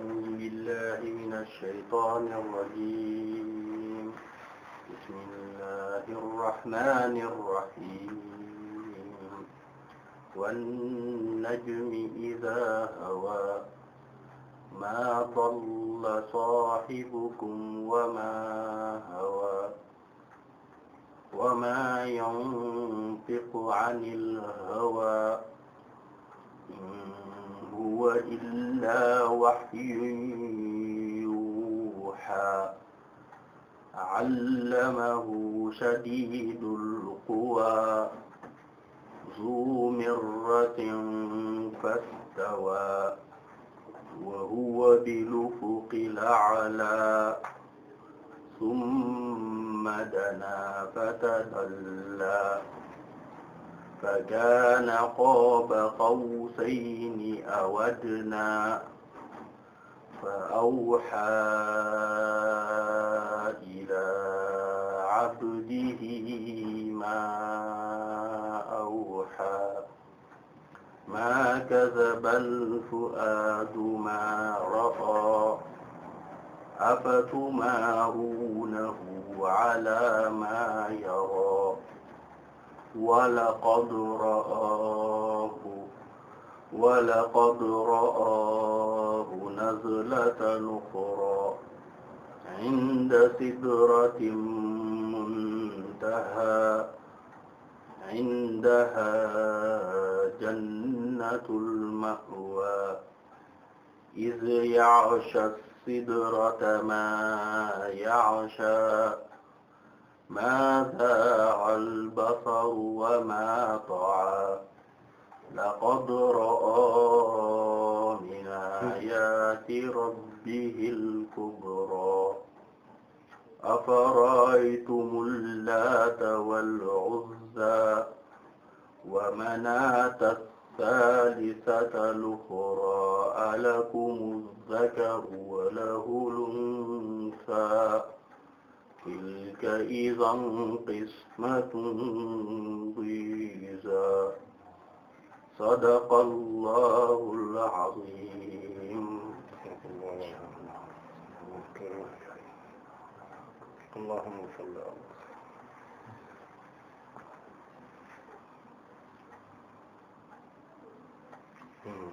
أعوذ بالله من الشيطان الرجيم بسم الله الرحمن الرحيم والنجم إذا هوى ما ضل صاحبكم وما هوى وما ينطق عن الهوى huwa illaa wahyun yuuhaa allamahu shadiidul quwaa zuu mirratin fastawaa wa huwa bil-ufuqil a'laa summa danaa fatadallaa فكان قاب قوسين أو أدنى فأوحى إلى عبده ما أوحى ما كذب الفؤاد ما رأى أفتمارونه على ما يرى ولقد رآه ولقد رآه نزلة أخرى عند سدرة منتهى عندها جنة المأوى إذ يعشى السدرة ما يعشى ما زاغ البصر وما طغى لقد رأى من آيات ربه الكبرى أفرأيتم اللات والعزى ومناة الثالثة الأخرى ألكم الذكر وله الأنثى tilka izan qismatun diza sadaqallahul azim allahumma salli ala Hmm.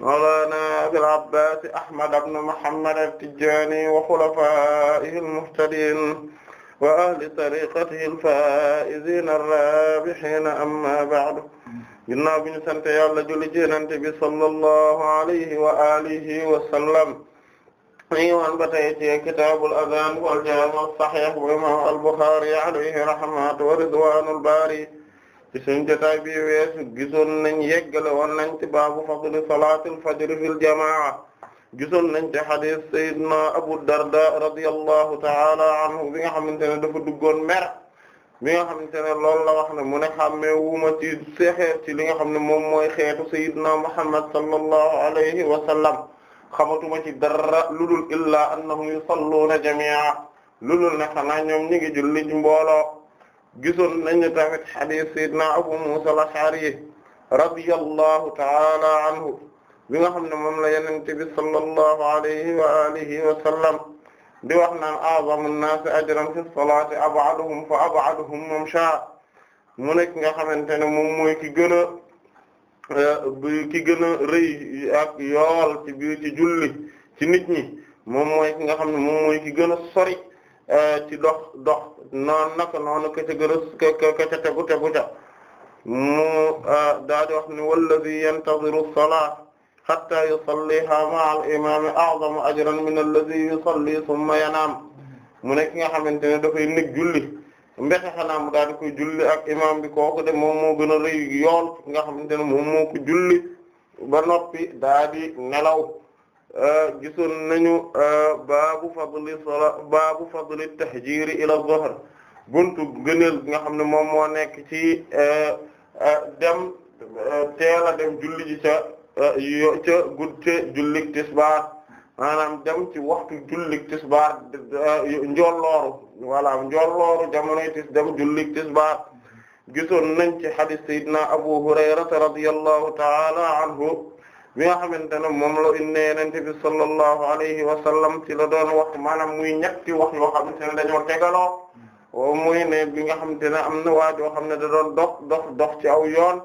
mawlaana Abil Abbaas Ahmad ibn Muhammad at-Tijaani wa xulafaa'ihi al-muhtadiin wa ahli tariiqatihi al-faa'iziina ar-raabihiina ammaa ba'du ginnaaw bi ñu sant Yàlla julli ci Yonent bi sallallahu alayhi wa aalihi wa sallam ñu woon ba tey ci kitaabul azaan wal jaami' as-sahiih bu imaam al-Bukhaari alayhi rahmatu wa ridwaanul baari ci suñu jotaay bi weesu gisoon nañ yeggale woon nañ ci baabu fadli salaatil fajr fil jamaa gisoon nañ ci xadis sayyidina Abu Darda radiyallahu ta'ala anhu bi nga xamante ne dafa duggoon mer bi nga xamante ne loolu la wax ne mu ne xàmmee wuma ci seexeer ci li nga xam ne moom mooy xeetu sayyidina Muhammad sallallahu alayhi wa sallam xamatuma ci dara ludul illaa annahum yusalluuna jamii'a ludul ne xanaa ñoom ñi ngi julli ci gisoon nañu tamit hadith sayyidina Abu Musa al-Ash'ari radiyallahu ta'ala anhu bi nga xam ne moom la yonent bi sallallahu alayhi wa alihi wa di wax naan a'zamu an-naasi ajran fi salaati ab'aduhum fa ab'aduhum mamsha mu nekk nga xamante ne moom mooy ki gën a eh, ki gën a rëy yool ci julli ci nit ñi moom mooy ki nga xam ne moom mooy ki gën a sori Eh, ci dox dox noonu naka noonu ka ca gërës ka ca tegu tegu ca mu eh, daa di wax ni wallazi yantaziru salaat hatta yusalliha ma'a al-imam a'zamu ajran min allazi yusalli thumma yanam mu nekk nga xamante ne dafay nekk julli mbexe xanaa mu daal koy julli ak imam bi kooku de moom moo gën a rëy yool nga xamante ne moom moo ko julli ba noppi daa nelaw Euh, gisoon nañu euh, baabu fadli sola baabu fadli tahjir ila dhuhr buntu gëneel nga xam ne moom moo nekk ci euh, dem teel dem julli ji ca yo ca gudte jullik tisbaar maanaam dem ci waxtu jullik tisbaar njolooru wala njolooru jamonoy tis dem jullik tisbaar gisoon nañ ci hadith sayyidina abu hurayrata radiyallahu ta'ala anhu bi nga xamante ne moom la inne yenente bi sallallahu alayhi wa ci la doon wax maanaam muy ñetti wax yoo xamante ne dañoo tegaloo muy ne bi nga xamante ne am na waajoo xam ne da doon dox dox ci aw yoon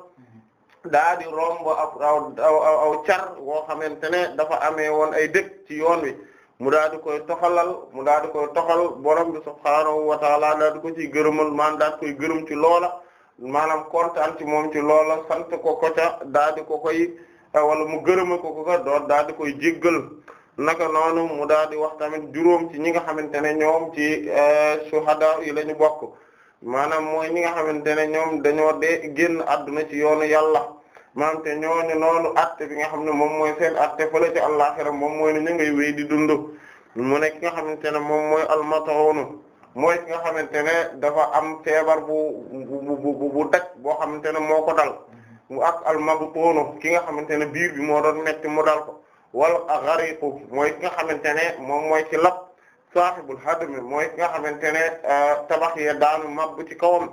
daa di romb ab aw car woo xamante ne dafa ame woon ay dëkk ci yoon wi mu daa di koy toxalal mu daa di koy toxal borom bi subhaanahu wa taala daa di ko ciy gërëmal maan koy gërëm ci loola maanaam kontaan ci moom ci loola sant ko ko ca daa di ko koy wala mu gërëma ko ko doot daal di koy jéggal naka noonu mu daal di wax tamit juróom ci ñi nga xamante ne ñoom ci euh, suhada yi la ñu bokk maanaam mooy ñi nga xamante ne ñoom dañoo dee génn adduna ci yoonu yàlla maanaam te ñooñu noonu atte bi nga xam ne moom mooy seen atte fële ci àllaxira moom mooy ne ñu ngay wéy di dund mu nekk ki nga xamante ne moom mooy almatawonu mooy ki nga xamante ne dafa am feebar bu bu bu bu daj boo xamante ne moo ko dal mu ak almabtuunu ki nga xamante ne biir bi moo doon nekk mu dal ko wal ghariqu mooy ki nga xamante ne moom mooy ci lap saahibul hadmi mooy ki nga xamante ne euh, tabax ya daanu mabbu ci kawam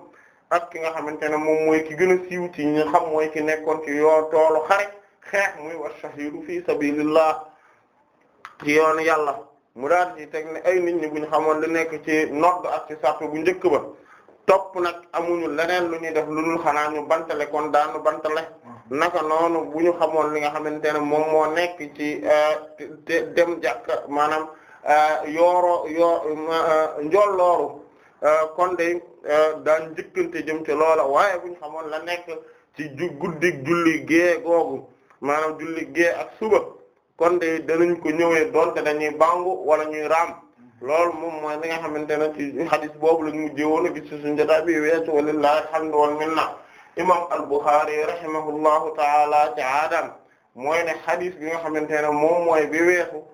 ak ki nga xamante ne moom mooy ki gën a siiw ci ñu xam mooy ki nekkoon ci yoo toolu xare xeex muy wa shahidu fi sabilillah ci yoonu yàlla mu daal ci teg ne ay nit ñi bu ñu xamoon li nekk ci nodd ak ci sàpp bu njëkk ba topp nag amuñu leneen lu ñuy def lu dul xanaa ñu bantale kon daanu bantale naka noonu bu ñu xamoon li nga xamante ne moom moo nekk ci euh, dem jàkka maanaam euh, yooro yoo euh, njollooru kon de daan njëkkante jëm ci loola waaye bu ñu xamoon la nekk ci ju guddi julli gee googu maanaam julli gee ak suba kon de danañ ko ñëwee doonte dañuy bangu wala ñuy raam. loolu moom mooy li nga xamante ne ci xadis boobu lañ mujjee woon a gis ci suñu jotaay bi weesu walillahi alhamdu wal minna al-Bukhari rahimahullahu taala ci aadam mooy ne xadis bi nga xamante ne moom mooy bi weesu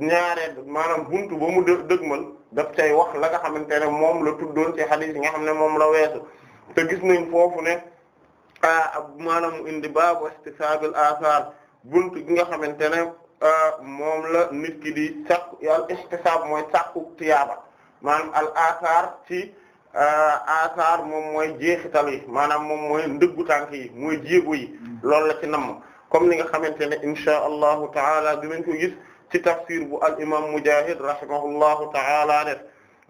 ñaareel maanaam buntu ba mu dë dëgmal daf cay wax la nga xamante ne moom la tuddoon ci xadis yi nga xam ne moom la weesu te gis nañ foofu ne a ah, mu indi baabu istihbaabil athar buntu gi nga xamante ne Euh, moom la nit ki di sàkku al ihtisab mooy sàkku tiyaaba maanaam al athar ci euh, athar moom mooy jeexital yi maanaam moom mooy ndëggu tànk yi mooy jéego yi mm. loolu la ci namm comme ni nga xamante ne insha allahu taala dinañ ko gis ci tafsir bu al imam mujahid rahimahullahu taala def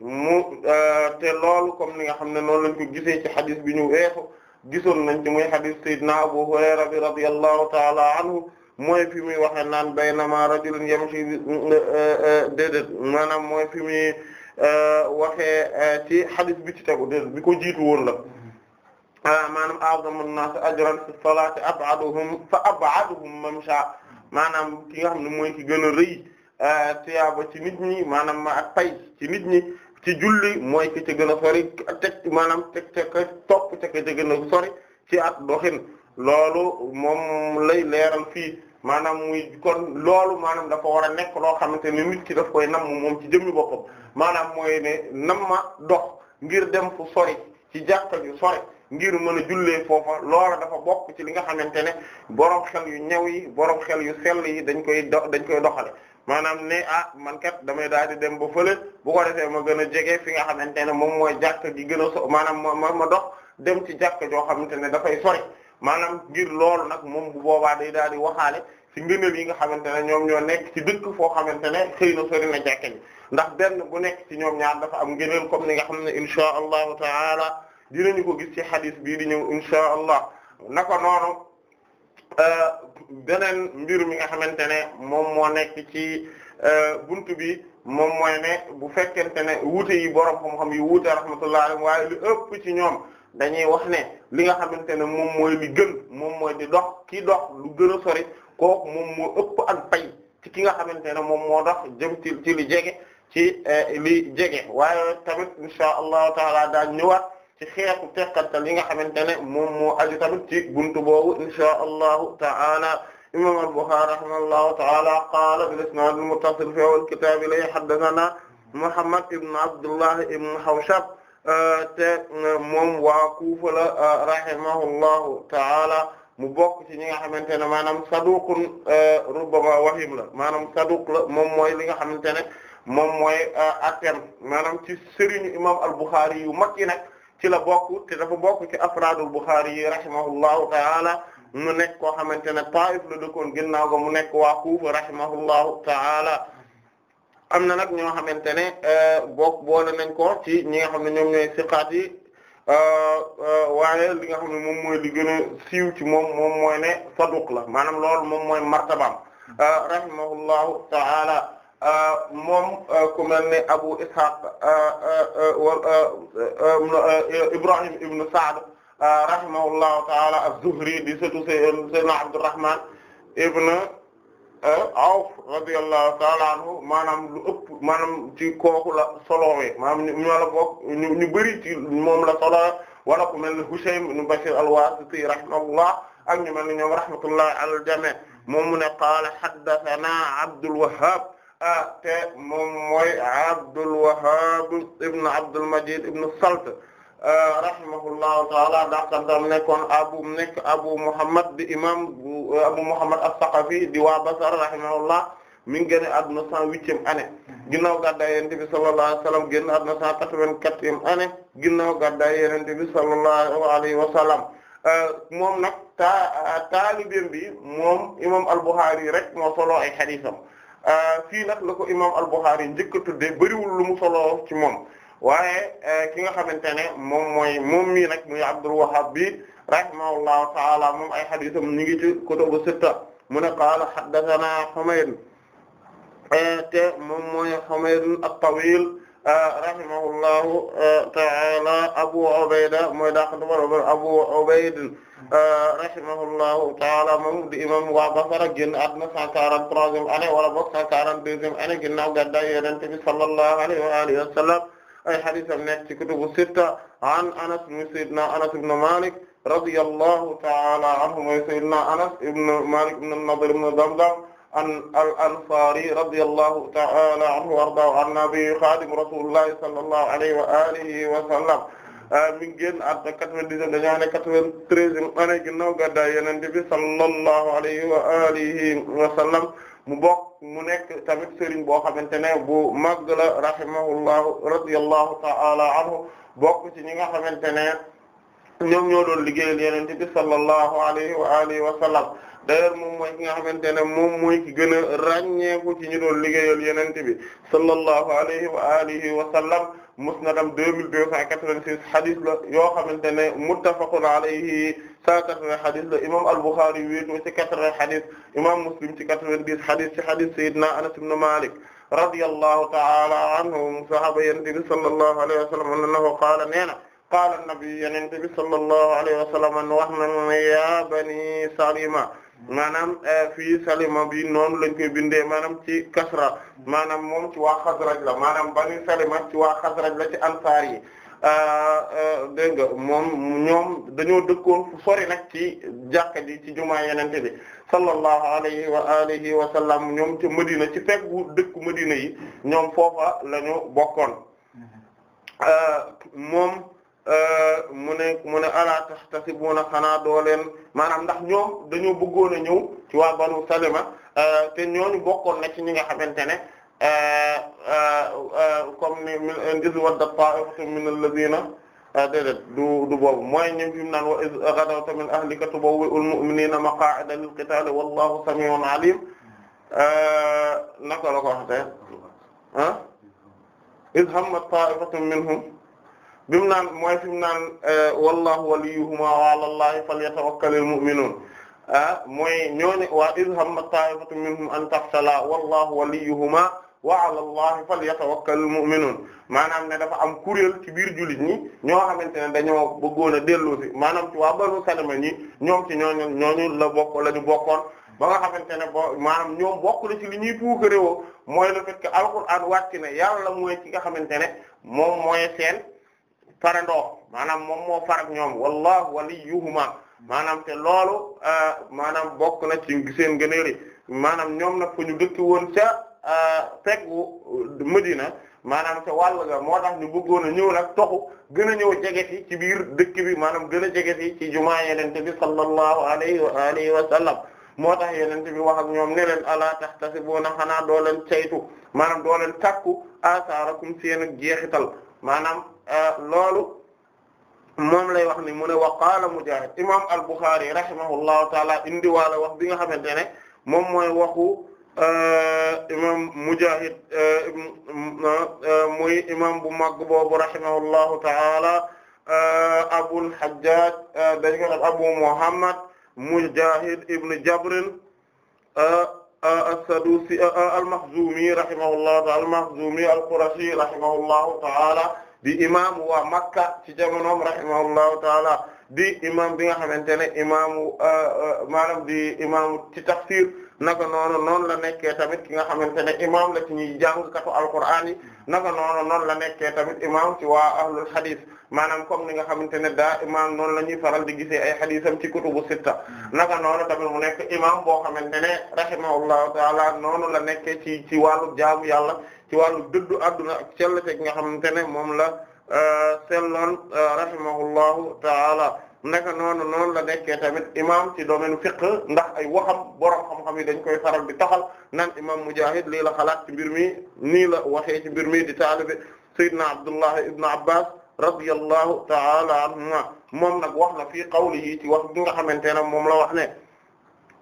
mu euh, te loolu comme ni nga xam ne noonu lañ ko gisee ci xadis bi ñu weesu gisoon nañ ci muy xadis sayyidina abu hurayra bi radiyallahu taala anhu mooy fi muy waxe naan baynama rajulun yamshi eh, eh, déedéet maanaam mooy fi muy eh, waxee ci hadith bi ci tegu déedéet bi ko jiitu woon la ah, maanaam a'zamu nnaasi ajran fi salaati ab'aduhum fa ab'aduhum mamsha maanaam ki nga xam ne mooy ki gën a rëy tiyaaba ci nit ñi maanaam ma ak pay ci nit ñi ci julli mooy ki ci gën a sori teg maanaam teg ca ka topp ca ka ca gën a sori ci at doxin loolu moom lay leeral fii maanaam muy kon loolu maanaam dafa war a nekk loo xamante ni nit ki daf koy nam moom ci jëmmi boppam maanaam mooy ne nam ma dox ngir dem fu sori ci jàkka ju sori ngir mën a jullee foofa loola dafa bokk ci li nga xamante ne borom xel yu ñëw yi borom xel yu sell yi dañ koy do dañ koy doxale maanaam ne ah man kat damay daal di dem ba fële bu ko defee moo gën a jege fi nga xamante ne moom mooy jàkka gi gën a so maanaam ma ma dox dem ci jàkka joo xamante ne dafay sori maanaam ngir loolu nag moom bu boobaa day daal di waxaale ci ngëneel yi nga xamante ne ñoom ñoo nekk ci dëkk foo xamante ne xëy na sori na jàkka ji ndax den bu nekk ci ñoom ñaar dafa am ngëneel comme ni nga xam ne insha allahu taala dinañu ko gis ci xadis bii di ñëw insha allah naka noonu euh, beneen mbir mi nga xamante ne moom moo nekk ci euh, buntu bi moom mooy ne bu te ne wuute yi borom xam-xam yi wuute rahmatullah alayhi waaye lu ëpp ci ñoom dañuy wax ne li nga xamante ne moom mooy li gën moom mooy di dox kii dox lu gën a sori kooku moom moo ëpp ak pay ci ki nga xamante ne moom moo dox jëm ci ci li jege ci eh, li jege waaye tamit insha allahu taala da ñëwaat ci xeetu tekkatal yi nga xamante ne moom moo aju tamit ci buntu boobu insha allahu taala imam al-Bukhari rahimahullahu taala qaala bil-isnaad al-muttasil fi awwal kitaab li haddathana Muhammad ibn Abdullah ibn Hawshab te moom waa Kufa la rahimahullahu ta'ala mu bokk ci ñi nga xamante ne maanaam saduqun rubbama wahim la maanaam saduq la moom mooy li nga xamante ne moom mooy atem maanaam ci sëriñu imam al-Bukhari yu mag yi nag ci la bokk te dafa bokk ci afraadul Bukhari yi rahimahullahu ta'ala mu nekk koo xamante ne Taif la dëkkoon ginnaaw ga mu nekk waa Kufa rahimahullahu ta'ala am na nag ñoo xamante ne euh, bokk boole nañ ko ci ñi nga xam ne ñoom ñooy siqaat euh, euh, waaye li nga xam ne moom mooy li gën siiw ci moom moom mooy ne saduq la maanaam loolu moom mooy martabaam rahimahullahu ta'ala moom ku mel ne Abu Ishaq Ibrahim ibn Sa'd rahimahullahu ta'ala az-Zuhri di sëtu Sayyidina ibn Awf radiyallahu ta'ala anhu maanaam lu ëpp maanaam ci kooku la solowee maanaam ñu la bokk ñu ñu bëri ci moom la solowee wala ku mel ne Hushaym ibn Bashir al-Wasiti rahimahullah ak ñu mel ne ñoom rahmatullah ala al-jami' moom mu ne qaala haddathana Abdul Wahhab te moom mooy Abdul Wahhab ibn Abdul Majid ibn Salt rahimahullahu ta'ala daqantam nekkoon abu nekk abu Muhammad bi imam Abu Muhammad as-Saqafi di waa Basra rahimahullah mi ngi génn àdduna cent huitième année ginnaaw gàddaay Yonent bi sallallahu alayhi wa sallam génn àdduna cent quatre-vingt-quatrième année ginnaaw gàddaay Yonent bi sallallahu alayhi wa sallam euh, moom nag taa taalibeem moom imam al-Bukhari rek moo solo ay xadiisam euh, fii nag la ko imam al-Bukhari njëkk tudde bëriwul lu mu solo ci moom waaye euh, ki nga xamante ne moom mooy moom mii nag muy Abdul Wahhab bi rahimahullahu taala moom ay xadisam ñu ngi ci kutubu sitta mu ne qaala haddathana Humayd te moom mooy Humayd at-Tawil rahimahullahu eh, taala Abu Ubayda mooy daqatuma Abu Ubayd eh, rahimahullahu taala moom di imam waa Basra génn àdduna 143e année wala boog 142e année ginnaaw gàddaay Yonent bi sallallahu alayhi wa alihi wa sallam ay hadisam nekk ci kutubu sitta an Anas ibn Malik radiyallahu ta'ala anhu mooy sayyidina Anas ibn Malik ibn an-Nadir ibn Damdam al-Ansari radiyallahu ta'ala anhu wa ardaahu an nabi xaadim rasulillahi sallallahu alayhi wa alihi wa sallam mi ngi génn at 90 dañoo ne 93 année ginnaaw gàddaay Yonent bi sallallahu alayhi wa alihi wa sallam mu bokk mu nekk tamit sëriñ boo xamante ne bu màgg la rahimahullahu radiyallahu ta'ala anhu bokk ci ñi nga xamante ne. ñoom ñoo doon liggéeyal yonent bi sallallahu alayhi wa alihi wa sallam d'ailleurs moom mooy ki nga xamante ne moom mooy ki gën a ràññeeku ci ñu doon liggéeyal yonent bi sallallahu alayhi wa alihi wa sallam musnadam deux mille deux cent quatre-vingt-six hadith la yoo xamante ne muttafaqun alayhi cent quatre-vingts hadith la imam al-Bukhari wéetoo ci quatre-vingts hadith imam Muslim ci quatre-vingt-dix hadith ci hadith sayyidina Anas ibn Malik radiyallahu ta'ala anhum sahaba yonent bi sallallahu alayhi wa sallam annahu qaala nee na qaala nabi yonent bi sallallahu alayhi wa sallam wax na ya bani salima maanaam fii salima bi noonu lañ koy bindee maanaam ci kasra maanaam moom ci waa xasraj la maanaam bani salima ci waa xasraj la ci ansaar yi dégg nga moom ñoom dañoo dëkkoon fu sori ci jàkka yi ci jumaa yonent bi sallallahu alayhi wa alihi wa sallam ñoom ci Medina ci peggu dëkku Medina yi ñoom foofa lañu bokkoon moom Euh, mu ne mu ne ala xanaa doo leen maanaam ndax ñoom dañoo bëggoon a ñëw ci waa banu salima euh, te ñooñu bokkoon na ci ñi nga xamante ne euh, comme ni min iz wadda taa'ifatun min alladhiina du du boobu mooy ñu fi mu naan wa iz ghadawta min ahlika tubawwi'ul mu'miniina maqaa'ida lil qitaali wallaahu samii'un 'aliim naka la ko waxee ah iz bi mu naan mooy fi mu naan eh, wallahu waliyuhuma wa ala allahi falyatawakkalul mu'minun ah, mooy ñooñu waa iz hamma ta'ifatun minhum an tafshala wallahu waliyuhuma wa ala allahi falyatawakkalul mu'minun maanaam ne dafa am kuréel ci biir jullit ñi ñoo xamante ne dañoo bëggoon a delloosi maanaam ci waa Banu Salama ñi ñoom ci ñooñu la bokk la ñu bokkoon ba nga xamante ne boo maanaam ñoom bokk na ci li ñuy puuk réewoo mooy le fait que alquran wàcc na yàlla mooy ki nga xamante ne moom mooy seen. farandoo maanaam moom moo farak ñoom wallahu waliyuhuma maanaam te loolu euh, maanaam bokk na ci seen gëneeri maanaam ñoom nag fu ñu dëkk woon ca euh, peggu Medina maanaam te wàll ga moo tax ñu bëggoon a ñëw nag toxu gën a ñëw jegeti ci biir dëkk bi maanaam gën a jegeti ci jumaa yenente bi sallallahu alayhi wa alihi wa sallam moo tax yenente bi wax ak ñoom ne leen ala tahtasibuuna xanaa doo leen saytu maanaam doo leen takku asaarakum seen ak jeexital maanaam euh, loolu moom lay wax ni mu ne wa qaala Mujaahid imam al-Bukhari rahimahullahu taala indiwaala wax bi nga xamante ne moom mooy waxu euh, imam Mujaahid euh, muy imam bu mag boobu rahimahullahu taala Abul Hajjaj dañ ko def Abu Muhammad Mujaahid ibn Jabr as-Sadusi al-Makhzumi rahimahullahu ta'ala al-Makhzumi al-Qurashi rahimahullahu ta'ala di imam waa Makka ci jamonoom rahimahullahu ta'ala di imam bi nga xamante ne imaamu euh, euh, maanaam di imam ci tafsir naka noonu noonu la nekkee tamit ki nga xamante ne imam la ci ñuy jàngkatu Alqur'aan yi naka noonu noonu la nekkee tamit imam ci waa ahlul hadith maanaam comme ni nga xamante ne daa imaam noonu la ñuy faral di gisee ay xadiisam ci kutubu sitta naka noonu tamit mu nekk imaam boo xamante ne rahimahullahu taala noonu la nekkee ci ci wàllu jaamu yàlla ci wàllu dëddu adduna ak sellteg nga xamante ne moom la euh, selloon euh, rahimahullahu taala naka noon noonu la nekkee tamit imam ci domaine fiqh ndax ay waxam borom xam-xam dañ koy faral di taxal naan imam Mujaahid lii la xalaat ci mbir mi nii la waxee ci mbir mi di taalibe Seydina Abdullah ibn Abbas radiyallahu ta'ala anhuma moom nag wax na fii qawlihi ci wax bi nga xamante ne moom la wax ne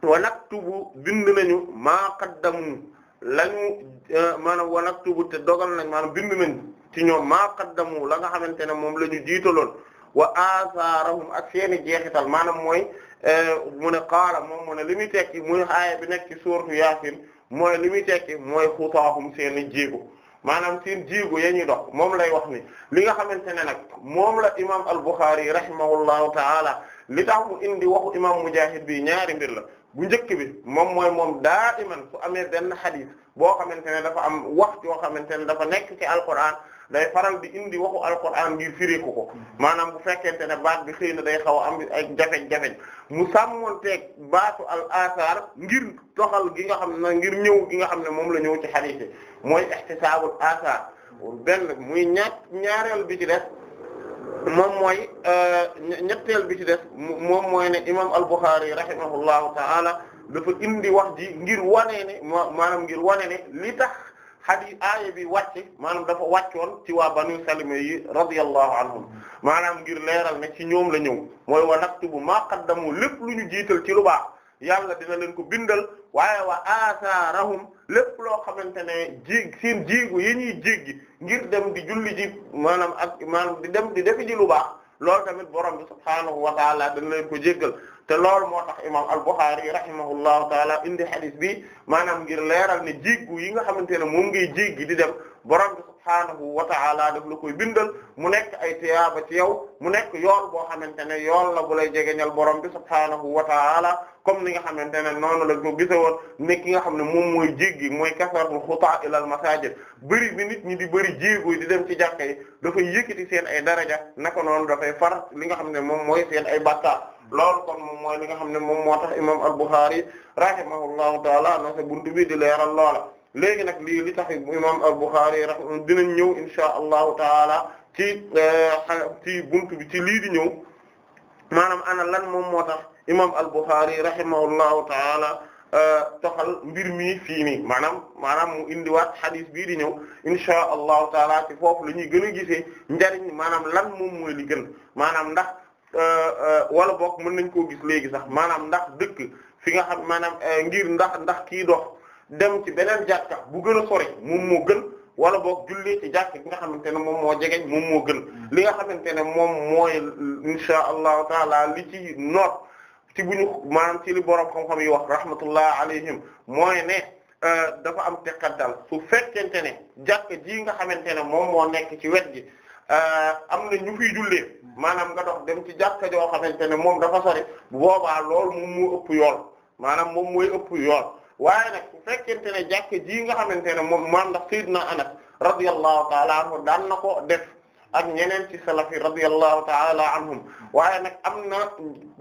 wa naktubu bind nañu maa qaddamu lañu eh, maanaam wa naktubu te dogal nañ maanaam bind nañ ci ñoom maa qaddamu la nga xamante ne moom la ñu jiitaloon wa athaarahum ak seeni jeexital maanaam mooy eh, mu ne qaala moom mu ne li muy tekki muy aaya bi nekk ci suuratu yaasin mooy li muy tekki mooy xutaahum seeni jéego maanaam seen jéego ya ñuy dox moom lay wax ni li nga xamante ne nag moom la imam al-Bukhari rahimahullahu taala li tax mu indi waxu imam Mujahid bi ñaari mbir la bu njëkk bi moom mooy moom daa iman su amee benn xadis boo xamante ne dafa am wax yoo xamante ne dafa nekk ci alquran day faral di indi waxu alquran ngir firiku ko hmm. maanaam bu fekkente ne baat bi xëy na day xaw a am ay jafe-jafe mu sàmmonteeg baatu al athar ngir toxal gi nga xam ngir ñëw gi nga xam ne moom la ñëw ci hadith mooy ihtisaabul athar benn muy ñaat ñaareel bi ci des moom mooy euh, ñetteel bi ci des moom mooy ne imam al-Bukhari rahimahullahu ta'ala dafa indi wax ji ngir wane ne maanaam ngir wane ne xadis aaya bi wàcc maanaam dafa wàccoon ci waa banu salima yi radiyallahu anhum maanaam ngir leeral ne ci ñoom la ñëw mooy wa naktubu ma qaddamu lépp lu ñu jiital ci lu baax dina leen ko bindal waaye wa asaarahum lépp loo xamante ne jiig seen jiigu yi ñuy jéggi ngir dem di julli ji maanaam ak maanaam di dem di defi ji lu lool tamit borom bi subhaanahu wa taala dañ leen ko jéggal te loolu moo tax imam al-Bukhari rahimahullahu taala indi hadith bi maanaam ngir leeral ne jéggu yi nga xamante ne moom ngay jéggi di dem borom bi subhaanahu wa ta'ala daf la koy bindal mu nekk ay tiyaaba ci yow mu nekk yool boo xamante ne yool la bu lay ñal borom bi subhaanahu wa ta'ala comme li nga xamante ne noonu la ko gise woon ne ki nga xam ne moom mooy jéggi mooy kasaratul xutaa ilal masaajid bëri bi nit ñi di bëri jéego di dem ci jàkka yi dafay yëkkati seen ay daraja naka noonu dafay far li nga xam ne moom mooy seen ay bataa loolu kon moom mooy li nga xam ne moom moo tax imam al-Bukhari rahimahullahu ta'ala no sa buntu bi di leeral loola léegi nag lii li tax imam al-Bukhari rahma dinañ ñëw insha allahu taala ci eh, ci buntu bi ci lii di ñëw maanaam ana lan moom moo tax imam al-Bukhari rahimahullahu taala eh, toxal mbir mi fii nii maanaam maanaam mu indiwaat xadis bii di ñëw insha allahu taala ci foofu la ñuy gën a gisee njariñ maanaam lan moom mooy li gën maanaam ndax eh, wala bokk mën nañ koo gis léegi sax maanaam ndax dëkk fi nga xam maanaam ngir ndax ndax kii dox dem ci beneen jàkka bu gën a sori mu moo gën wala boog julli ci jàkk bi nga xamante ne moom moo jegeñ moom moo gën mm. li nga xamante ne moom mooy insha allahu taala li ci noot ci bu ñu maanaam ci li borom xam-xam yi wax rahmatullah alayhim mooy ne euh, dafa am teqat dal su fekkente ne jàkk ji nga xamante ne moom moo nekk ci wet gi euh, am na ñu fiy jullee mm. maanaam nga dox dem ci jàkka joo xamante ne moom dafa sori booba lool moom moo ëpp yool maanaam moom ëpp yool waaye nag bu fekkente ne jàkke ji nga xamante ne moom maam ndax sayyidina Anas radiyallahu taala anhu daan na ko def ak ñeneen ci salafi radiyallahu taala anhum waaye nag am na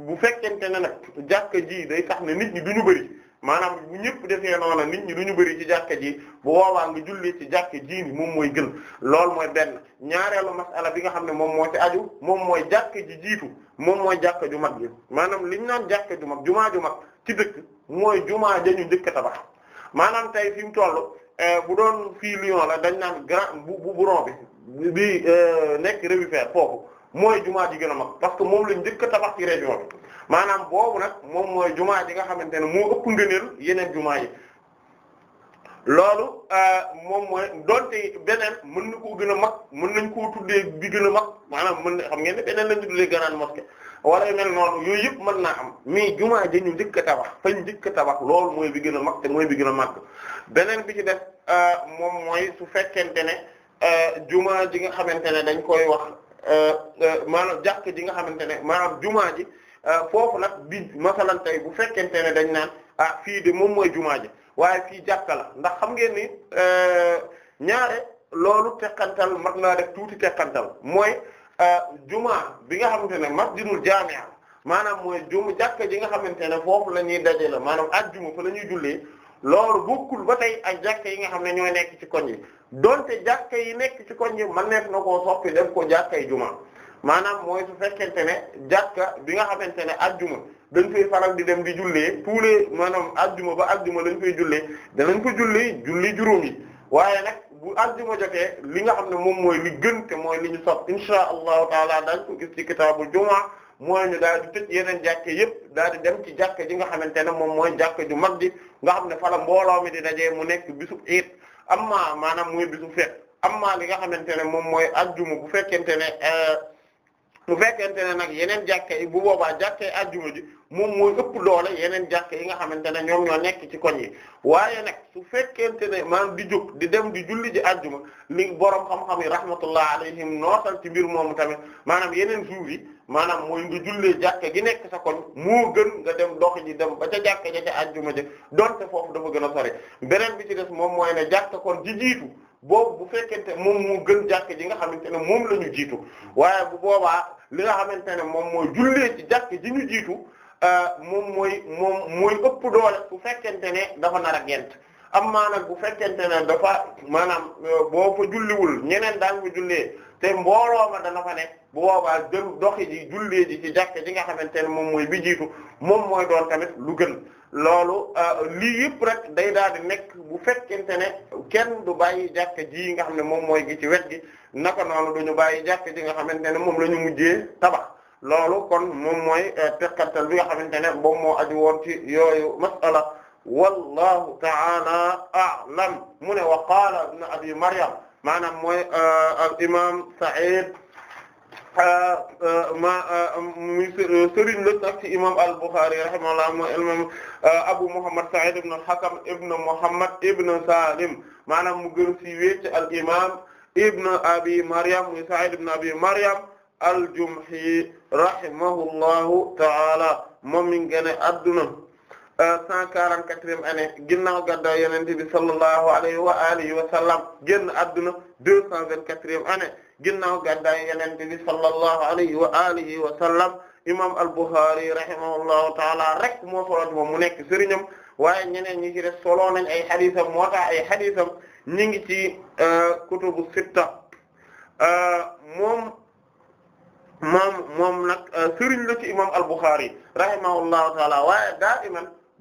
bu fekkente ne nag jàkka jii day tax ne nit ñi du ñu bëri maanaam bu ñëpp defee noonu nit ñi du ñu bëri ci jàkka ji bu boobaa nga julli ci jàkka ji ni moom mooy gën loolu mooy benn ñaareelu masala bi nga xam ne moom moo ci aju moom mooy jàkka ji jiitu moom mooy jàkka ju mag bi maanaam li naan jàkka ju mag jumaa ju mag ci dëkk mooy jumaa dañu njëkk tabax maanaam tey fi mu toll eh, bu doon fii Lyon la dañ naan grand bu bu buron bi bi eh, nekk Rébeufert foofu mooy jumaa ji gën a mag parce que moom la a tabax ci région bi maanaam boobu nag moom mooy jumaa ji nga xamante ne moo ëpp ngëneel yeneen jumaa yi loolu eh, moom mooy donte beneen mën na koo gën a mag mën nañ koo tuddee bi gën a mag maanaam mën na xam ngeen ne beneen lañ tuddee grande mosquée wala yu mel noonu yooyu yëpp mën naa am mais jumaa ja ñu njëkk a tabax fañ njëkk a tabax loolu mooy bi gën a mag te mooy bi gën a mag beneen bi ci def euh, moom mooy su fekkente ne euh, jumaa ji nga xamante ne dañ koy wax euh, maanaam jàkk ji nga xamante ne maanaam jumaa ji foofu nag bi masalan tey bu fekkente ne dañ naan ah fii de moom mooy jumaa ji waaye fii jàkka la ndax xam ngeen ni ñaare loolu teqantal mag naa def tuuti teqantal mooy Euh, juma bi nga xamante ne masjidul jaami'a maanaam mooy jum jàkka ji nga xamante ne foofu la ñuy dajale maanaam at ajjuma fa la ñuy jullee loolu bokkul ba tey ak jàkka yi nga xam ne ñooy nekk ci koñ yi donte jàkka yi nekk ci koñ yi man nekk na koo soppi def ko jàkkay juma maanaam mooy su fekkente ne jàkka bi nga xamante ne ajjuma dañ fay faral di dem di jullee tous maanaam at ajjuma ba ajjuma lañ fay jullee danañ ko jullee julli juróom waaye nag bu àjjuma jotee li nga xam ne moom mooy li te mooy li ñu sopp insha allahu taala dañ ko gis kitaabu jumaa mooy ñu daal di tëj yeneen jàkke yëpp daal di dem ci jàkke ji nga xamante ne moom mooy jàkke ju mag ji nga xam ne fala mbooloo mi di dajee mu nekk bisu iit amma maanaam muy bisub fekk amma li nga xamante ne moom mooy àjjuma bu fekkente ne euh, su fekkente ne nag yeneen jàkka yi bu boobaa jàkka yi àjjuma ji moom mooy ëpp doole yeneen jàkka yi nga xamante ne ñoom ñoo nekk ci koñ yi waaye nag su fekkente ne maanaam di jóg di dem di julli ji àjjuma li borom xam-xam yi rahmatullah alayhim nootal ci mbir moomu tamit maanaam yeneen jours yi maanaam mooy nga jullee jàkka gi nekk sa koñ mu gën nga dem dox ji dem ba ca jàkka ja ca àjjuma ja donte foofu dafa gën a sori beneen bi ci des moom mooy ne jàkka kon ji jiitu boo bu fekkente moom mu gën jàkk ji nga xamante ne moom la ñu jiitu waaye bu boobaa li nga xamante ne moom mooy jullee ci jàkk ji ñu jiitu euh, moom mooy moom mooy ëpp doole bu fekkente ne dafa nar a gent am maa nag bu fekkente ne dafa maanaam euh, boo fa julliwul ñeneen daan nga jullee te mbooloo ma dana fa nekk bu boobaa jël doxi ji jullee ji ci jàkk ji nga xamante ne moom mooy bi jiitu moom mooy doon tamit lu gën loolu a euh, lii yëpp rek day daal di nekk bu fekkente ne kenn du bàyyi jàkk ji nga xam ne moom mooy gi ci wet gi naka noonu duñu bàyyi jàkk ji nga xamante ne moom la ñu mujjee tabax loolu kon moom mooy euh, tekkatal bi nga xamante ne moom moo aju woon ci yooyu masala wallahu ta'ala a'lam mu ne wa qaala ibn abi maryam maanaam mooy al imam Sa'id ma muy sëriñ la ak ci imam al-Bukhari rahimahullah mooy imam Abu Muhammad Sa'id ibn al-Hakam ibn Muhammad ibn Salim maanaam mu gën siiwee ci al imam ibn Abi Maryam muy Sa'id ibn Abi Maryam al-Jumahi rahimahullahu ta'ala moom mi ngi génn adduna Euh, cent quarante-quatrième année ginnaaw gàddaay yonent bi sallallahu alayhi wa alihi wa sallam génn adduna deux cent vingt-quatrième année ginnaaw gàddaay yonent bi sallallahu alayhi wa alihi wa sallam imam al-Bukhari rahimahullahu taala rek moo solo moom mu nekk sëriñam waaye ñeneen ñi ci def solo nañ ay xadisam moo tax ay xadisam ñi ngi ci euh, kutubu sitta euh, moom moom moom nag sëriñ la ci imam al-Bukhari rahimahullahu taala waaye daa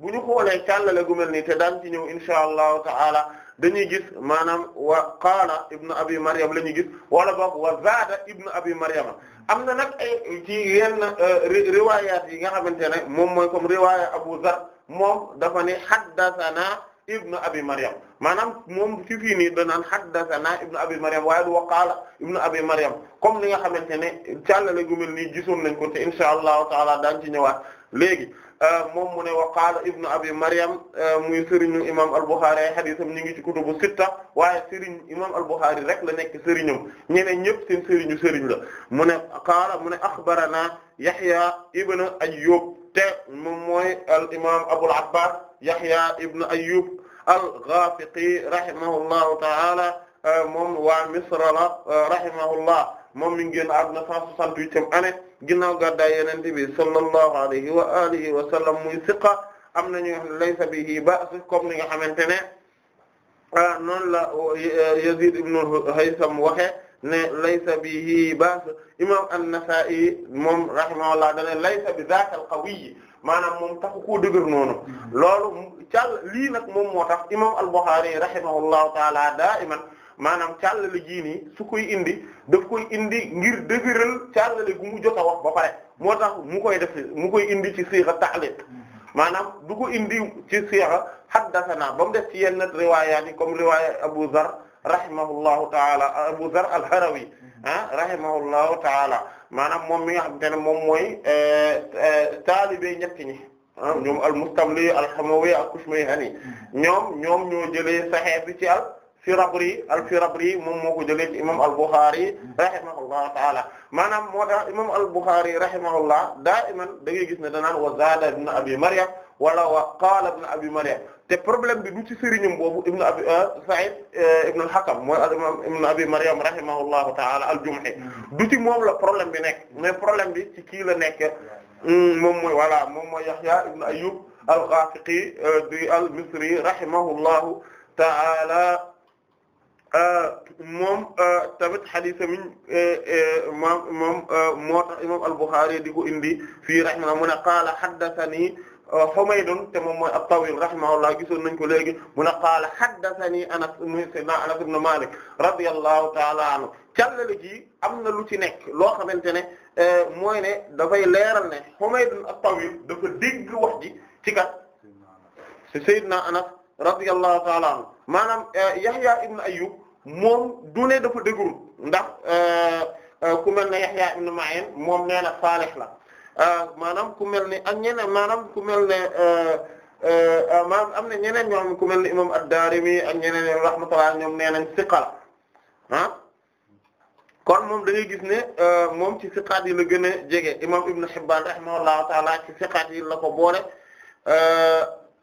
bu ñu xoolee càllale gu mel nii te daan ci ñëw insha allahu ta'ala dañuy gis maanaam wa qaala ibnu abi maryam la ñuy gis wala boog wa zaada ibnu abi maryama am na nag ay ci yenn euh, riwayat yi nga xamante ne moom mooy comme riwaya abu zar moom dafa ne haddathana ibnu abi maryam maanaam moom ci fii nii danaan haddathana ibnu abi maryam waaye du wa qaala ibnu abi maryam comme li nga xamante ne càllale gu mel nii gisoon nañ ko te insha allahu ta'ala daan ci ñëwaat léegi Euh, moom mu ne wa qaala ibnu abi Maryam euh, muy sëriñu imam al-Bukhari ay hadisam ñu ngi ci kutubu sitta waaye sëriñ imam al-Bukhari rek la nekk sëriñam ñeneen ñëpp seen sëriñu sëriñ la mu ne qaala mu ne axbarana Yahya ibn Ayyub te moom mooy al imam Abul Abbas Yahya ibn Ayyub al-Ghafiqi rahimahullahu ta'ala euh, moom waa Misra la rahimahullah moom mi ngi génn àdduna 168 année ginnaaw gàddaay yonent bi sallallahu alayhi wa alihi wa sallam muy siqa am nañu wax ne laysa bihi ba'su comme ni nga xamante ne ah, noonu la Yazid ibn Haysam waxe ne laysa bihi ba'su imam an-Nasa'i moom rahimahullah dane laysa bi zaaka al-qawi maanaam moom taxu koo dëgër noonu mm-hmm. loolu càll lii nag moom moo tax imam al-Bukhari rahimahullahu ta'ala daa'iman maanaam càllale gii nii su koy indi daf koy indi ngir dëgëral càllale gu mu jot a wax ba pare moo tax mu koy def mu koy indi ci siixa ta'liq maanaam du ko indi ci siixa haddathana ba mu def ci yenn riwaayaat yi comme riwaaya Abu Zar rahimahullahu taala Abu Zar al-Harawi ah rahimahullahu taala maanaam moom mi nga xamante ne moom mooy eh, eh, taalibe ñetti ñi ñoom al-Mustamli al-Hamawi ak Kushmayhani ñoom ñoom ñoo jëlee Sahih bi ci al. Firabri al-Firabri moom moo ko jëlee ci imam al-Bukhari rahimahullah taala maanaam moo tax imam al-Bukhari rahimahullah daa'iman da ngay gis ne danaan wa zaada ibn abi Maryam wala wa qaala ibn abi Maryam te problème bi du ci sëriñam boobu ibn abi euh, Sa'id euh, ibn al-Hakam mooy al-imam ibn abi Maryam rahimahullahu taala al-Jumahi du ci moom la problème bi nekk mais problème bi ci kii la nekk hmm, moom mooy voilà moom mooy Yahya ibn Ayyub al-Ghafiqi euh, di al-Misri rahimahullahu taala Euh, moom euh, tamit xadisa miñ euh, moom moom moo tax imam al-Bukhari di ko indi fii rahimahullah mu ne qaala haddathani Humaydun te moom mooy at-Tawil rahimahullah gisoon nañ ko léegi mu ne qaala haddathani Anas muy sayyidina Anas ibn Malik radiyallahu ta'ala anhu càllale ji am na lu ci nekk loo xamante ne mooy ne dafay leeral ne Humaydun at-Tawil dafa dégg wax ji ci kat sayyidina Anas radiyallahu ta'ala anhu maanaam Yahya ibn Ayyub moom du ne dafa dëgërul ndax euh, euh, ku mel ne Yahya ibn Ma'in moom nee na la euh, maanaam ku mel ne ak ñeneen maanaam ku mel ne maanaam am na ñeneen ñoo xam ku mel ne imam ad-Darimi ak ñeneen rahmatullah ñoom nee nañ siqa ah? kon moom dañuy gis ne moom ci siqaat yi la gën a jege imam Ibn Hibban rahimahullahu ta'ala ci siqaat yi la ko boole.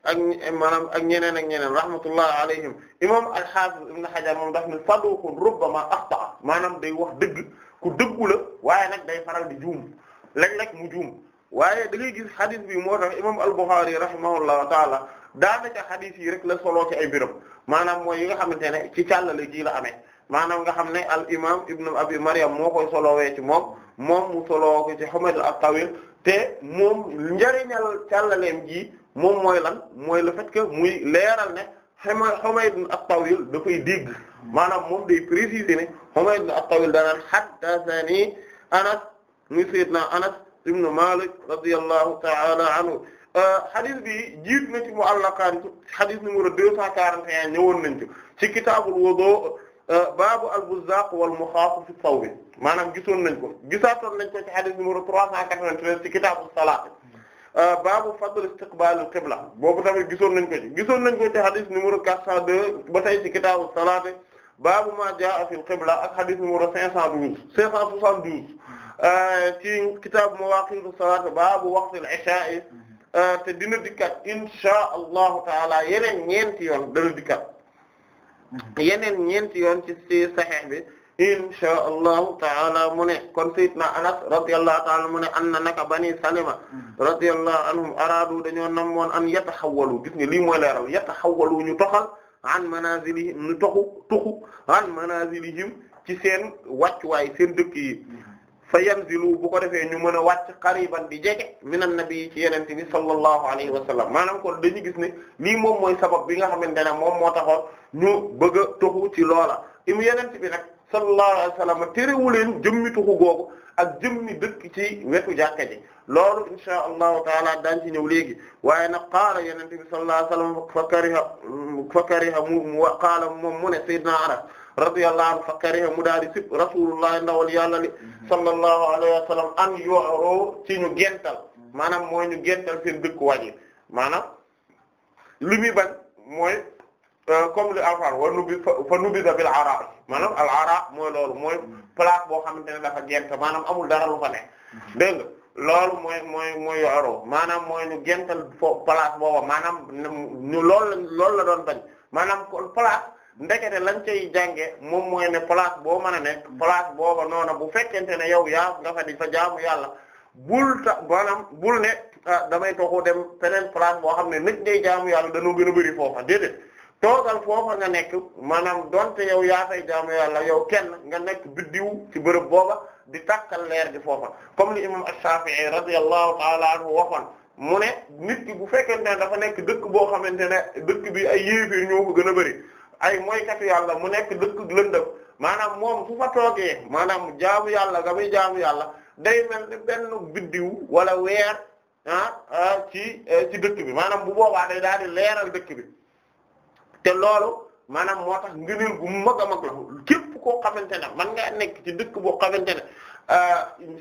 ak maanaam ak ñeneen ak ñeneen rahmatullah alayhim imam al-Hafiz ibn Hajar moom daf ne saduqun rubbama axta maanaam day wax dëgg ku dëggu la waaye nag day faral di juum léeg-léeg mu juum waaye da ngay gis xadis bi moo tax imam al-Bukhari rahimahullahu taala daanaka xadis yi rek la soloo ci ay biram maanaam mooy yi nga xamante ne ci càllale gii la amee maanaam nga xam ne al imam ibnu abi Maryam moo koy solowee ci moom moom mu soloo ko ci Humayd al-Tawil te moom njëriñal càllaleem ji moom mooy lan mooy la fait que muy leeral ne xama Humayd a at-Tawil dafay dégg maanaam moom day préciser ne Humayd ibn at-Tawil danaan haddathani Anas muy sayyidna Anas ibn Malik radiyallahu ta'ala anhu euh, hadith bi jiit na ci mu'allaqan hadith numéro deux cent quarante et un ñëwoon nañ ci ci kitaabul wudu euh, baabu al-buzzaq wal muxaaf fi thawb maanaam gisoon nañ ko gisaatoon nañ ko ci hadith numéro trois cent quatre-vingt-treize ci a salaat Euh, baabu fadl istiqbal al qibla boobu tamit gisoon nañ ko ci gisoon nañ ko ci hadith numéro 402 ba tey ci kitaabu salaate baabu ma jaa fil qibla ak hadith numéro 512 572 euh, ci kitaabu mawaaqiitu salaate baabu waqtil ishaa'i euh, te dina dikkat insha allahu taala yeneen ñeenti yoon dana dikkat mm-hmm. yeneen ñeenti yoon ci ci saxiix bi. insha allahu taala mu ne kon sayyidna anas radiyallahu taala mu ne an na naka bani salima hmm. radiyallahu anhum araadu dañoo namoon an yataxawalu gis nga lii mooy leeral yataxawalu ñu toxal an manazilihim ñu toxu tuxu an manazilihim ci seen wàccuwaay seen dëkk yi hmm. fa yanzilu bu ko defee ñu mën a wàcc qariban di jege minan nabi ci yenente bi sallallahu alayhi wa sallam maanaam kon dañu gis ne lii moom mooy sabab bi nga xamante ne moom moo taxoon ñu bëgg a toxu ci loola im yenente sallallahu alayhi wa sallam terewuleen jëmmi tuxu googu ak jëmmi dëkk ci wetu jàkka ji loolu insha allahu taala daañ ci ñëw léegi waaye nag qaala yenente bi sallallahu alayhi wa sallam fa kariha fa kariha mu qaala moom mu ne sayyidina Anas radiyallahu anhu fa kariha mu daal di sib rasulullah ndawal yàlla li mhm. sallallahu alayhi wa sallam an yoroo ci ñu gental maanaam mooy ñu gental seen dëkk waji maanaam li muy mooy euh, comme li alfan wa nubi fa nubida bil ara maanaam al ara mooy loolu mooy place boo xamante ne dafa gent maanaam amul dara lu fa ne dégg loolu mooy mooy mooy yoro maanaam mooy ñu gental fo place booba maanaam ñu loolu loolu la doon bañ maanaam kon place ndekete lañ cay jànge moom mooy ne place boo mën a nekk place booba noona bu fekkente ne yow yaa nga fa di fa jaamu yàlla bul ta maanaam bul ne ah, damay toxu dem feneen place boo xam ne nit ñay jaamu yàlla dañoo gën a bëri foofa déedéet toogal foofa nga nekk maanaam donte yow yaa fay jaamu yàlla yow kenn nga nekk biddiw ci bërëb booba di tàkkal leer gi foofa comme li imam Ash-Shafi'i radiyallahu ta'ala anhu waxoon mu ne nit ki bu fekkente ne dafa nekk dëkk boo xamante ne dëkk bi ay yéefir ñoo ko gën a bëri ay moykatu yàlla mu nekk dëkk lëndëm maanaam moom fu fa tooge maanaam jaamu yàlla nga muy jaamu yàlla day mel ni benn biddiw wala weer ah, ah ci eh, ci dëkk bi maanaam bu boobaa day daal di leeral dëkk bi te loolu maanaam moo tax ngëneel gu mag a mag la képp koo xamante ne man ngaa nekk ci dëkk boo xamante ne euh,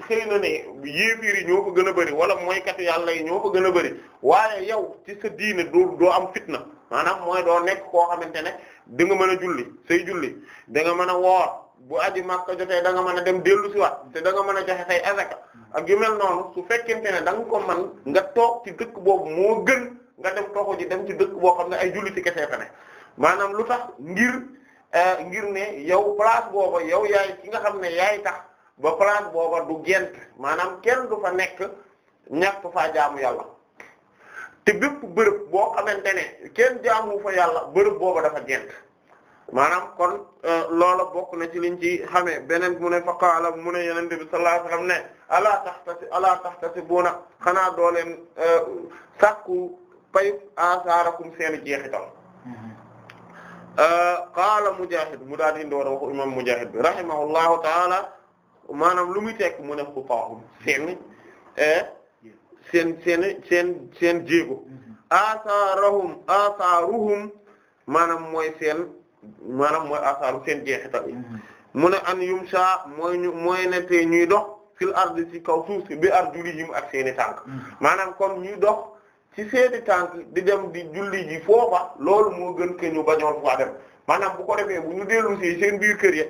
xëy na ne yéefiir yi ñoo ko gën a bëri mooy mooykatu yàlla yi ñoo ko gën a bëri waaye yow ci sa diine doo doo am fitna maanaam mooy doo nekk koo xamante ne da nga mën a julli say julli da nga mën a woor bu aji Makka jotee da nga mën a dem dellu si waat te da nga mën a joxe say azaka ak yu noonu su fekkente ne da nga ko man nga toog ci dëkk boobu moo gën nga dem toxu ji dem ci dëkk boo xam ne ay julli ci kese fa maanaam lu tax ngir eh, ngir ne yow place booba yow yaay ki nga xam ne yaay tax ba place booba du gent maanaam kenn du fa nekk ñax faa jaamu yàlla te bépp bërëb boo xamante ne kenn jaamu fa yàlla bërëb booba dafa gent maanaam kon eh, loola bokk na ci liñ ci xamee beneen mu ne faqaala mu ne yonent bi sallallahu ne alaa taxtasi alaa taxtasibuuna xanaa dooleen eh, sàkku pay kum seen jeexital mm-hmm. qaala Mujaahid mu daal di indi war a waxu imam Mujaahid bi rahimahullahu taala maanaam lu muy tekk mu ne xutaahum seen eh, seen seen seen seen jéego asaaruhum asaaruhum maanaam mooy seen maanaam mooy asaaru seen jeexital yi mu ne an yumsha mooy ñu mooy ne te ñuy dox fil ardi ci kaw suuf si bi ak seeni tànk mm-hmm. maanaam comme ñuy dox ci seeni tànk di dem di julli ji foofa loolu moo gën ke ñu bañoon faa dem maanaam bu ko defee bu ñu dellu si seen biir kër ya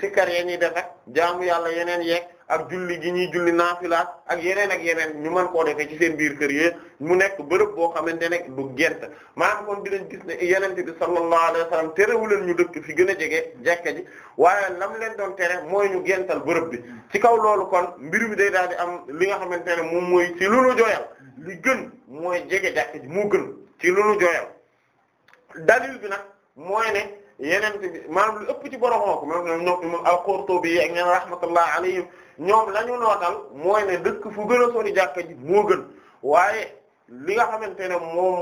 si kër ya ñuy def ak jaamu yàlla yeneen yeeg ak julli gi ñuy julli naa filaat ak yeneen ak yeneen ñu mën koo defee ci seen biir kër ya mu nekk bërëb boo xamante ne du gent maanaam kon dinañ gis yeneen yenente bi sallallahu alayhi wa sallam terewuleen ñu dëkk fi gën a jege jekke ji waaye lam leen doon tere mooy ñu gental bërëb bi ci kaw loolu kon mbir mi day daal di am li nga xamante ne moom mooy lu lu li gën mooy jege jàkk ji moo gën ci loolu jooyal dalil bi nag mooy ne yeneen bi maanaam lu ëpp ci boroxonk moom ñoom imam al-Qurtubi ak ñoom rahmatullah alayhim ñoom la nootal mooy ne dëkk fu gën a sori jàkk moo gën waaye li nga xamante ne moom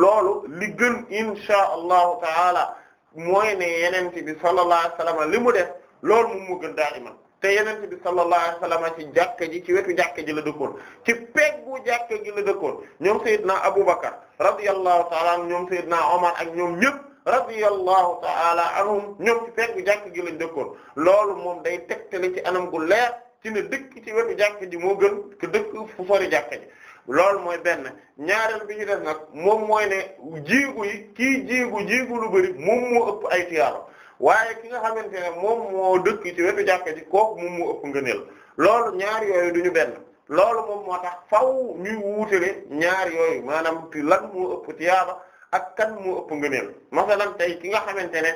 loolu li gën insha allahu taala mooy ne yeneen bi sallallahu alayhi wasallam li mu def loolu moom mu gën daa iman te yeneen bi sallallahu alayhi wa sallam ci jàkka ji ci wetu jàkka ji la dëkkoon ci peggu jàkka ji la dëkkoon ñoom Seydina Aboubacar radiyallahu ta'ala anhu ñoom Seydina Omar ak ñoom ñëpp radiyallahu ta'ala anhum ñoom ci peggu jàkka ji lañ dëkkoon loolu moom day tegtale ci anam gu leer ci ne dëkk ci wetu jàkka ji moo gën ke dëkk fu sori jàkka ji loolu mooy benn ñaareel bi ñu def nag moom mooy ne jiigu yi kii jiigu jiigu lu bari moom moo ëpp ay tiyaaba waaye ki nga xamante ne moom moo dëkk ci wetu jàkka ji kooku moom moo ëpp ngëneel loolu ñaar yooyu du ñu benn loolu moom moo tax faw ñuy wuutale ñaar yooyu maanaam ci lan moo ëpp tiyaaba ak kan moo ëpp ngëneel masalan tey ki nga xamante ne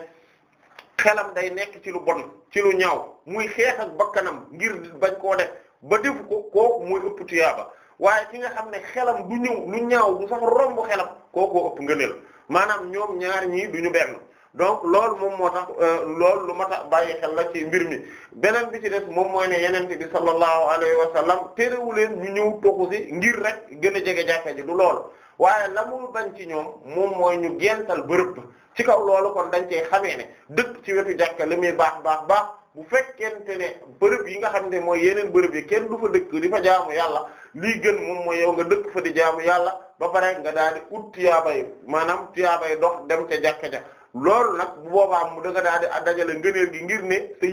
xelam day nekk ci lu bon ci lu ñaaw muy xeex ak bakkanam ngir bañ koo def ba defu ko kooku muy ëpp tiyaaba ki nga xam ne xelam du ñëw lu ñaaw du romb xelam kookoo ëpp ngëneel maanaam ñoom ñaar ñii du ñu benn donc loolu moom moo tax euh, loolu lu mat a bàyyi xel la ci mbir mi beneen bi ci des moom mooy ne yeneen bi sallallahu alayhi wa sallam terewu leen ñu ñëw toxu ngir rek gën a jege jàkka ji du loolu waaye la mu bañ ci ñoom moom mooy ñu gental bërëb ci kaw loolu kon dañ cee xamee ne dëkk ci wetu jàkka li muy baax baax baax bu fekk fekkente ne bërëb yi nga xam ne mooy yeneen bërëb yi kenn du fa dëkk di fa jaamu yàlla lii gën moom mooy yow nga dëkk fa di jaamu yàlla ba pare nga daal di ut tiyaabay maanaam tiyaabay dox dem ca jàkka loolu nag bu boobaa mu danga daal di dajale ngëneel gi ngir ne te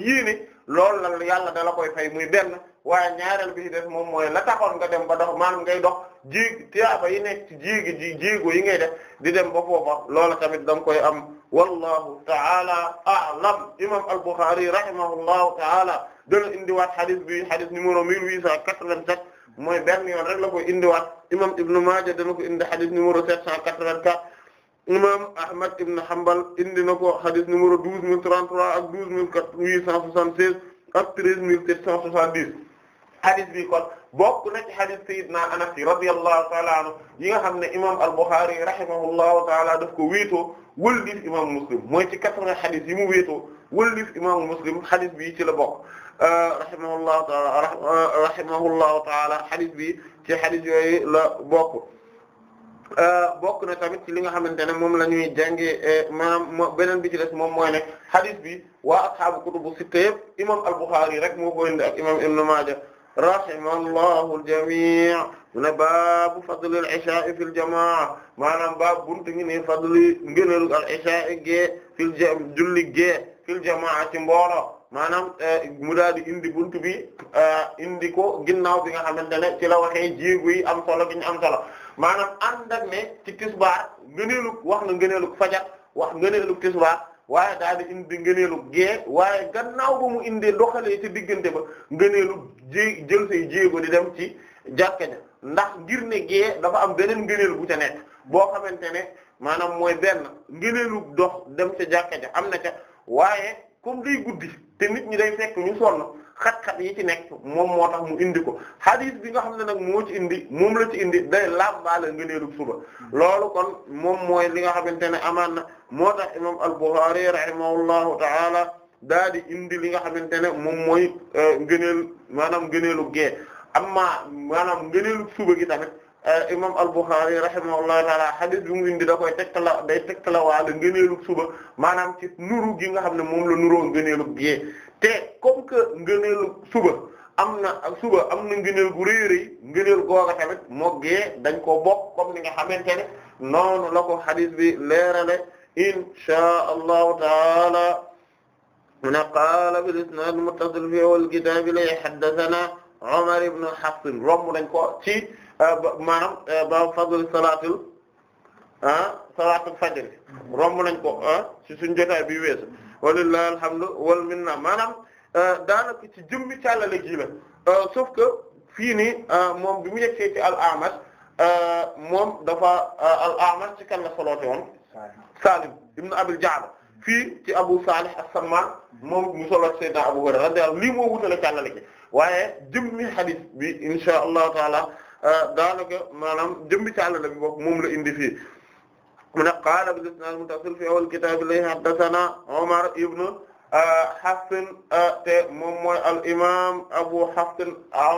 lool loolu la yàlla dala koy fay muy benn waaye ñaareel bi ci def moom mooy la taxoon nga dem ba dox maanaam ngay dox jéeg tiyaaba yi nekk ci jéegi ji jéego yi ngay def di dem ba foofa loola tamit da nga koy am wallahu ta'ala a'lam imam al-Bukhari rahimahullahu ta'ala dana indiwaat hadith bi hadith numéro 1887 mooy benn yoon rek la koy indiwaat imam Ibn Maaja dana ko indi hadith numéro 784 imam Ahmad ibn Hanbal indi na ko hadith numéro douze mille trente trois ak douze mille quatre huit cent soixante seize ak treize mille sept cent soixante dix hadith bi kon na ci hadith Seydina Anas ta'ala anhu yi nga xam ne imam al-Bukhari rahimahullahu ta'ala daf ko wéetoo wëlbif imam Muslim mooy ci quatre vingt hadith yi mu wéetoo wëlbif imam Muslim hadith bi ci la bokk euh, rahimahullahu ta'ala rahimahullahu ta'ala hadith bi la bokk Euh, bokk na tamit ci li nga xamante ne moom lañuy ñuy jàngee euh, maanaam beneen bi ci des moom mooy ne hadith bi waa ashaabu kutubu sitta yëpp imam al-Bukhari rek moo ko indi ak imam Ibn Maaja rahimallahu al-jamii mu ne baabu fadlil ishaa fil jamaa maanaam baabu buntu ngi ne fadli ngëneelu al-ishaa gee fil julli gee fil jamaa ci mbooloo maanaam euh, mu daal di indi buntu bi indi ko ginnaaw bi nga xamante ne ci la waxee jéego yi am solo gi ñu am solo maanaam ànd ak ne ci tisbaar ngëneelug wax na ngëneelug fajar wax ngëneelug tisbaar waaye daal di indi ngëneelug gée waaye gannaaw ba mu indee doxalee ci diggante ba ngëneelug jé jël say jéego di dem ci jàkka ndax ngir ne gée dafa am beneen ngëneel bu ca boo xamante ne maanaam mooy benn ngëneelug dox dem ca jàkka ja am na ca waaye comme day guddi te nit ñi day fekk ñu sonn. xat-xat yi ci nekk moom moo tax mu indi ko hadith bi nga xam ne nag moo ci indi moom la ci indi day làmbaale ngëneelu suba loolu kon moom mooy li nga xamante ne amaan na moo tax imam al-Bukhari rahimahullahu ta'ala daa di indi li nga xamante ne moom mooy euh, ngëneel maanaam ngëneelu gee amma maanaam ngëneelu suba gi tamit euh, imam al-Bukhari rahimahullahu ta'ala hadith bi mu indi da koy tegtala day tegtala waale suba maanaam ci nuru gi nga xam ne moom la nuroo ngëneelu gee te comme que ngëneelu suba am na suba am na ngëneel gu rëy rëy ngëneel googa tamit moggee dañ koo bokk comme ni nga xamante ne noonu la ko xadis bi leerale inchaa allahu taala mu ne qaala bil isnad muttasil fi wal kitaab lay haddathana Umar ibn Hafs romb nañ ko ci euh, maanaam euh, ba fadl salaatul ah salaatul fajr romb nañ ko ah, ci suñu jotaay bi weesu walillahi alhamdu wal minna maanaam euh, daanaka ci jëmmi càllale gi la euh, sauf que fii nii euh, moom bi mu yegsee ci al-A'mash moom dafa al-A'mash ci kan la soloote woon Salim ibn Abil Ja'd fii ci Abu Salih as-Samman moom mu soloote Seydina Abu Hurayra radiyallahu lii moo wutale càllale gi waaye jëmmi hadith bi insha allahu taala daanaka maanaam jëmmi càllale bi bopp moom la indi fii mu ne qaala bil isnaad al muttasil fi awwal kitaab ilayhi haddasanaa Umar Umar ibn uh, Hafs uh,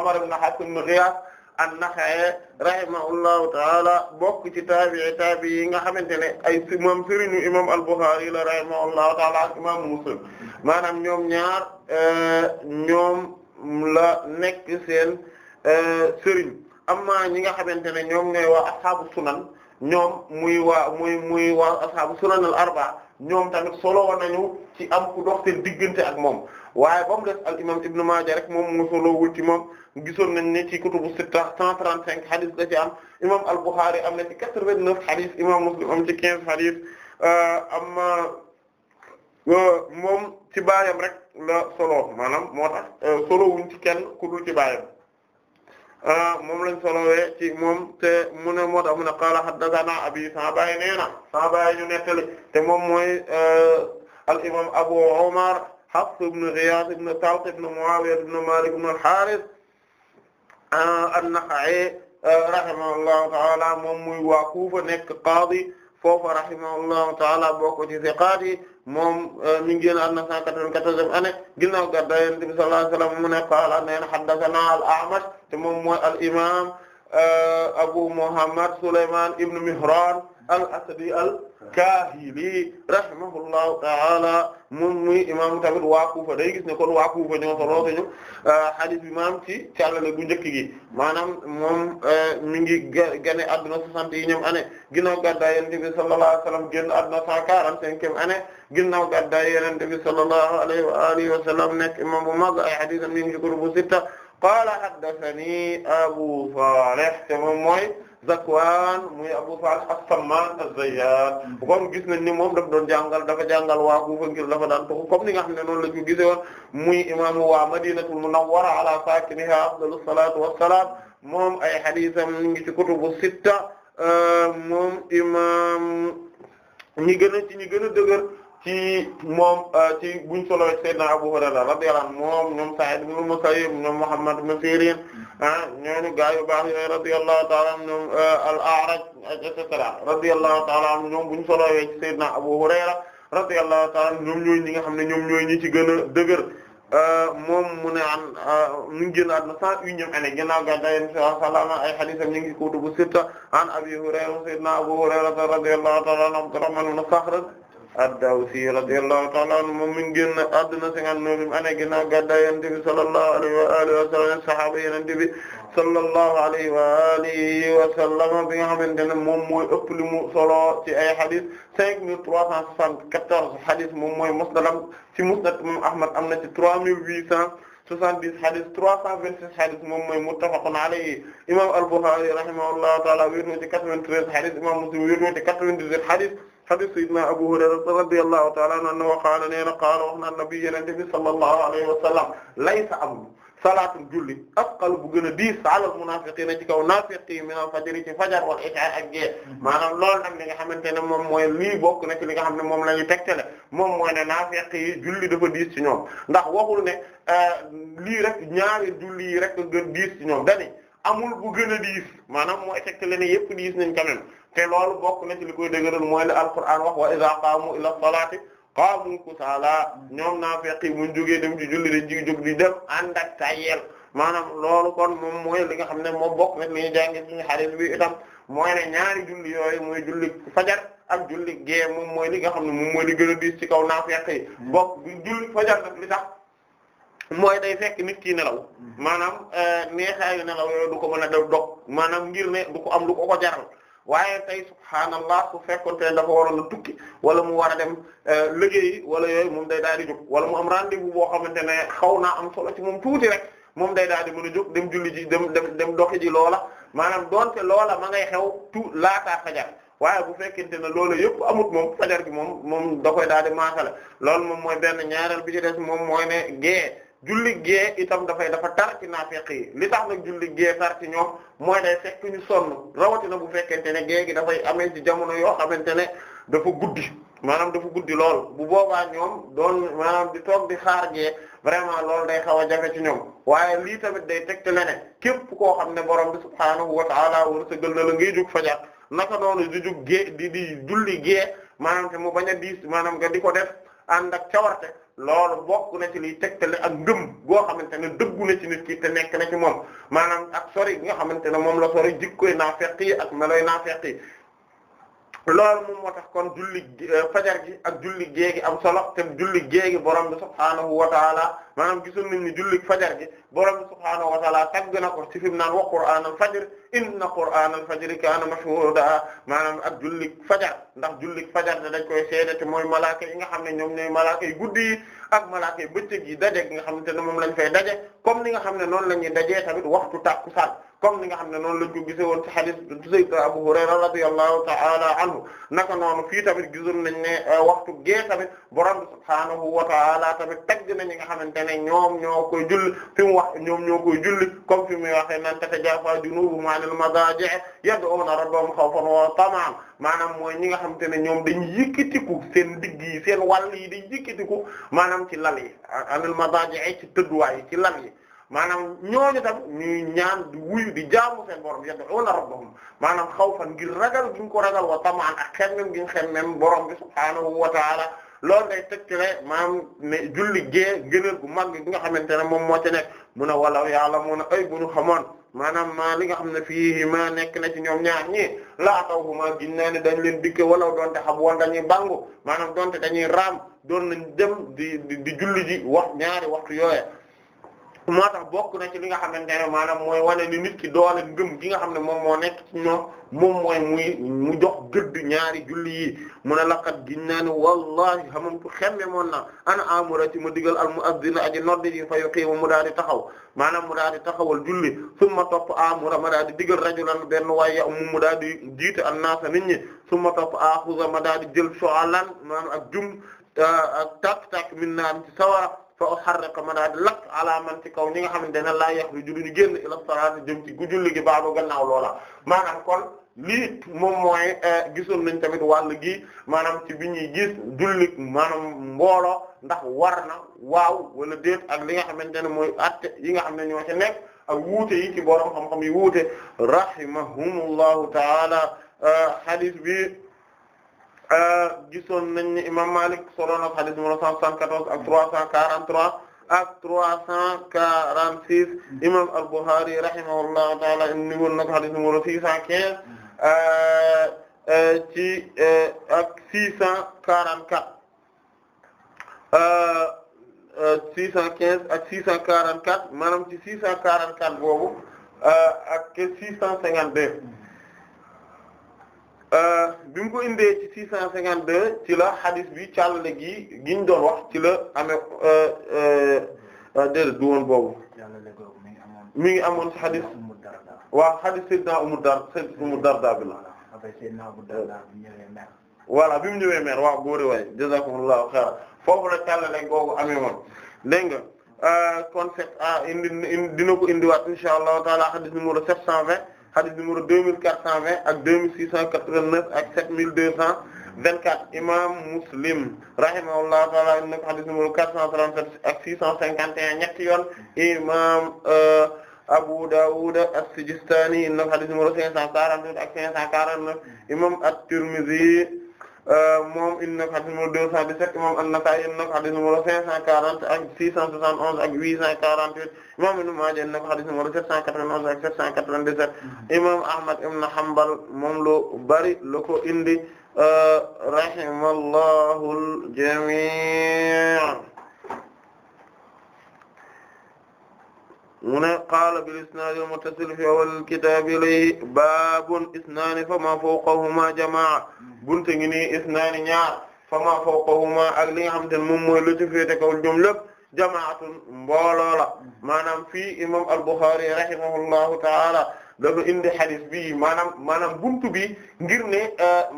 uh, ibn Ghiyaas an-Nakha'i ta'ala bokk ci taabi'i yi nga xamante ne ay moom sëriñu imaam al Bukhari la rahimahullahu ta'ala ak imaam Muslim maanaam ñoom ñaar ñoom la nekk seen sëriñ amma ñi nga xamante ne ñoom ñooy waa ashaabu sunan. ñoom muy waa muy muy waa ashaabu sunan al arba ñoom tamit solo nañu ci am ku dox seen diggante ak moom waaye ba mu des al imam ibnu Maaja rek moom mu solo wul ci moom gisoon nañ ne ci kutubu sitta 135 hadith da ci am imam al Bukhari am na ci 89 hadith imam Muslim am ci 15 hadith euh, amma euh, moom ci baayam rek la solo maanaam moo tax euh, solo wuñ ci kenn ku ci baayam moom lañ solowee ci moom te mu ne moo tax mu ne qaala haddathana abi sa baay nee na sa baay ñu nettali te moom mooy e, al imam abu umar hafs ibn ghiyath ibn talq ibn muawiya ibn malik ibn al harith an-nakha'i e, rahimahullahu taala moom muy waa kuufa nekk qaadi foofa rahimahullahu taala bokk ci siqaat yi moom e, mi ngi génn àdduna 194e année ginnaaw gàddaay Yonent bi sallallahu alayhi wasallam mu ne qaala nee na haddathana al-a'mash te moom mooy al imam euh, Abu Muhammad Sulayman ibn Mihran al-Asadi al-Kahili rahimahullahu ta'ala moom muy imam tamit waa Kufa day gis ne kon waa Kufa ñoo solo ñu euh, hadith bi maam ci caalale bu njëkk gi maanaam moom euh, mi ngi gane adduna soixante et unième année ginnaaw gàddaay Yonent bi sallallahu alayhi wa sallam génn adduna cent quarante-cinquième année ginnaaw gàddaay Yonent bi sallallahu alayhi wa alihi wa sallam nekk imam bu mag ay hadith am mi ngi sitta qaala haddathanii Abu Salih te moom mooy Zakwaan muy Abu Salih as-Sammaan az-Zayyaat kon gis nañ ni moom dafa doon jàngal dafa jàngal waa Kuufa ngir dafa daan toxu comme ni nga xam ne noonu la ñu gisee woon muy imaamu waa Madinatul Munawwara ala saakinihaa afdalu salaatu wassalaam moom ay hadiisam ñu ngi ci kutubu sitta euh, moom imaam ñi gën a ci ñi gën a dëgër. ci moom euh, ci buñ solo sayyidina Abu Hurayra radiyallahu anhu moom ñoom Sa'id ibn Musayyib ñoom Muhammad ibn Sirin ah yu baax yooyu radiyallahu ta'ala anhum ñoom euh, al-A'raj et cetera radiyallahu ta'ala anhum ñoom buñ solo ci sayyidina Abu Hurayra radiyallahu ta'ala anhu ñoom ñooy ñi nga xam ne ñoom ñooy ñi ci gën a dëgër euh, moom mu ne an mu ngi génn àdduna cent unième année ginnaaw gàddaay Yonent bi sallallahu alayhi wa ñu ngi kutubu sitta an Abi Hurayra sayyidina Abu Hurayra radiyallahu ta'ala anhu Abdurrahman ibn Sakhr ad-Dawsi radiyallahu ta'ala anhu moom mi ngi génn adduna cinquante-neuvième année ginnaaw gàddaay Yonent bi sallallahu alayhi wa alihi wa sallam sahaaba Yonent bi sallallahu alayhi wa nga xamante ne moom mooy ëpp mu solo ci ay hadith cinq mille trois cent soixante-quatorze hadith moom mooy musnadam ci musnad moom Ahmad am na ci trois mille huit cent 70 hadis 326 hadis moom mooy muttafaqun alayhi imam al-Bukhari rahimahullahu ta'ala wéetoo ci 93 hadis imam Muslim wéetoo hadith sayyidina Abu Hurayra radiyallahu ta'ala anhu qaala nee na qaala wax na nabi yenente bi sallallahu alayhi wa sallam laysa amul julli asqal bu gën a diis alal munaafiqiina ci kaw naafiqi min al-fajr ci fajar wal ishaa ak gée maanaam nag li nga xamante ne moom mooy lii bokk na ci li nga xam ne moom la ñu tegtale moom mooy na naafiqi yi julli dafa diis ci ñoom ndax waxul ne euh, lii rek ñaari julli yi rek gën diis ci ñoom dani amul bu gën a diis maanaam mooy tegtale ne yëpp diis nañ quand te loolu bokk na ci li koy dëgëral mooy li alquran wax wa iza qaamu ila salaati qaamu kusaala ñoom naafiq yi muñ jógee dem ci julli dañ ci jóg di dem ànd ak tayel maanaam loolu kon moom mooy li nga xam ne moom bokk na li ñu jànge suñu xarit bi itam mooy ne ñaari julli yooyu mooy julli fajar ak julli gee moom mooy li nga xam ne moom mooy li gën a diis ci kaw naafiq yi bokk julli fajar nag li tax mooy day fekk nit ki nelaw mm-hmm. maanaam eh, neexaayu nelaw yooyu du ko mën a def dog maanaam ngir ne du ko am du ko ko jaral waaye tey subhaanallah su fekkoon te dafa waroon a tukki wala mu war a dem euh, liggéeyi wala yooyu moom day daal di jóg wala mu am rendez-vous boo xamante ne xaw na am solo ci moom tuuti rek moom day daal di mën a jóg dem julli ji dem dem dem doxi ji loola maanaam donte loola ma ngay xew tu laataa fajar waaye bu fekkente ne loolu yëpp amut moom fajar gi moom moom da koy daal di loolu moom mooy benn ñaareel bi ci moom mooy ne gée. julli gee itam dafay dafa tar ci naafeq yi li tax nag julli gee tar ci ñoom mooy day fekk ñu sonn rawatina bu fekkente ne gee gi dafay amee ci jamono yoo xamante ne dafa guddi maanaam dafa guddi lool bu boobaa ñoom doon maanaam di toog di xaar gee vraiment loolu day xaw a jafe ci ñoom waaye lii tamit day teg te leneen képp koo xam ne borom bi subhaanahu wa ta'ala wërsëgal na la ngay jug fajar naka noonu di jug gee di di julli gee maanaam te mu bañ a diis maanaam nga di ko def ànd ak cawarte loolu bokk na ci liy tegtale ak ngëm goo xamante ne dëggu na ci nit ki te nekk na ci moom maanaam ak sori gi nga xamante ne moom la sori jikkoy naafeq yi ak meloy naafeq yi loolu moom moo tax kon julli euh, fajar gi ak julli géegi am solo te julli géegi borom bi subhaanahu wa taala maanaam gisul nañ ni julli fajar gi borom bi subhaanahu wa taala tagg na ko ci fi mu naan wa qur'aanal fajr inna qur'aanal fajri kaana mashhuuda maanaam ak julli fajar ndax julli fajar da dañ koy seede te mooy malaaka yi nga xam ne ñoom ñoy malaaka yi guddi yi ak malaaka yi bëccëg yi daje gi nga xamante ne moom lañ fay daje comme ni nga xam ne noonu la ñuy dajee tamit waxtu tàkkusaan comme ni nga xam ne noonu lañ ko gisee woon ci hadith sayyidina Abu Hurayra radiyallahu ta'ala anhu naka noonu fii tamit gisoon nañ ne euh, waxtu gee tamit borom subhaanahu wa ta'ala tamit tagg na ñi nga xamante ne ñoom ñoo koy julli fi mu wax ñoom ñoo koy julli comme fi muy waxee nan tatajaafaa junuubuhum 'anil madaaji' yad'uuna rabbahum khawfan wa tama'an maanaam mooy ñi nga xamante ne ñoom dañuy yëkkatiku seen digg yi seen wàll yi dañuy yëkkatiku maanaam ci lal yi 'anil madaaji' ci tëdduwaay yi ci lal yi maanaam ñooñu tam ñuy ñaan di wuyu di jaamu seen borom yad'una rabbahum xaw xawfan ngir ragal gi ñu ko ragal wa tamaan ak xemmem gi ñu xemmem borom bi subhaanahu wa taala loolu day tëkkale maanaam ne julli gee ngëneel gu mag gi nga xamante ne moom moo ci nekk mun a walaw ya'lamuna ay bu xamoon maanaam maa li nga xam ne fii maa nekk na ci ñoom ñaar ñii laa taw bu maa gis naa ne dañ leen dikke walaw doonte xam woon dañuy bangu maanaam donte dañuy raam doon nañ dem di di julli ji wax ñaari waxtu yooya moo tax bokk na ci li nga xam ne maanaam mooy wane ni nit ki doole ngëm gi nga xam ne moom moo nekk ci moom mooy muy mu jox gëdd ñaari julli yi mu ne laqat giñ naa ne wallahi xamam xemme moon na ana amura ci ma digal al muazzin aji nodd yi fa yuqiimu mu daal di taxaw maanaam mu daal di taxawal julli summa topp amura ma daal di digal rajulan benn waaye mu mu daal di jiite an naasa nit ñi summa topp axusa ma daal di jël soalan maanaam ak jum ah, ak tak tak min naan ci fa uharriqa ma daal di lakk ala man ci kaw ni nga xamante ne laa yaxruju duñu génn ila salaati jëm ci gujulli gi baado gannaaw loola maanaam kon lii moom mooy eh, gisoon nañ tamit wàll gi maanaam ci bi ñuy gis jullit maanaam mbooloo ndax war na waaw wala déet ak li nga xamante ne mooy atte yi nga xam ne ñoo ci nekk ak wuute yi ci borom xam-xam yi wuute rahimahumullahu taala eh, hadith bi Euh, gison nañ ne imam Malik solo na hadith numéro 174 ak 343 ak 346 imam al-Bukhari rahimahullahu ta'ala indi woon na ko hadith numéro 615 euh, euh, ci ak 644 615 ak 644 maanaam ci 644 boobu ak 652 Euh, bi mu ko indee ci six cent cinquante deux ci la xadis bi càllale gi giñ doon wax ci la amee euh, euh, déedéet du woon boobu mi ngi amoon ci xadis waaw xadis Seydina Ummu Darda Seydina Ummu Darda bi la wala bi mu ñëwee meer waaw góori waay jazakumullahu xayran foofu la càllale googu amee woon dégg nga kon c'est ah, indi dina ko indiwaat insha allah taala xadis numéro sept cent vingt hadith numéro 2420 ak 2689 ak 7224 imam Muslim rahimahullahu ta'ala indi na ko hadith numéro 437 ak 651 ñetti yoon imam euh, Abu Dawud as-Sijistani indi na ko hadith numéro 548 ak 549 imam at-Tirmidhi Euh, moom indi na ko xadis numéro 217 imam An-Nasa'i indi na ko xadis numéro 540 ak 671 ak 848 imam Ibn Maaja indi na ko xadis numéro 791 ak 797 mm-hmm. imam Ahmad ibn Hanbal moom lu bari la ko indi euh, rahimallahu al-jami' mu ne qaala bil isnaadil muttasil fi awwalil kitaabi ilayhi baabun isnaani famaa fawqahumaa jamaa bunte ngi nii isnaani ñaar famaa fawqahumaa ak li nga xamante ne moom mooy lu ci féete kaw jom lépp jamaatun mbooloo la maanaam fii imam al-Bukhari rahimahullahu taala dafa indi hadith bii maanaam maanaam buntu bi ngir ne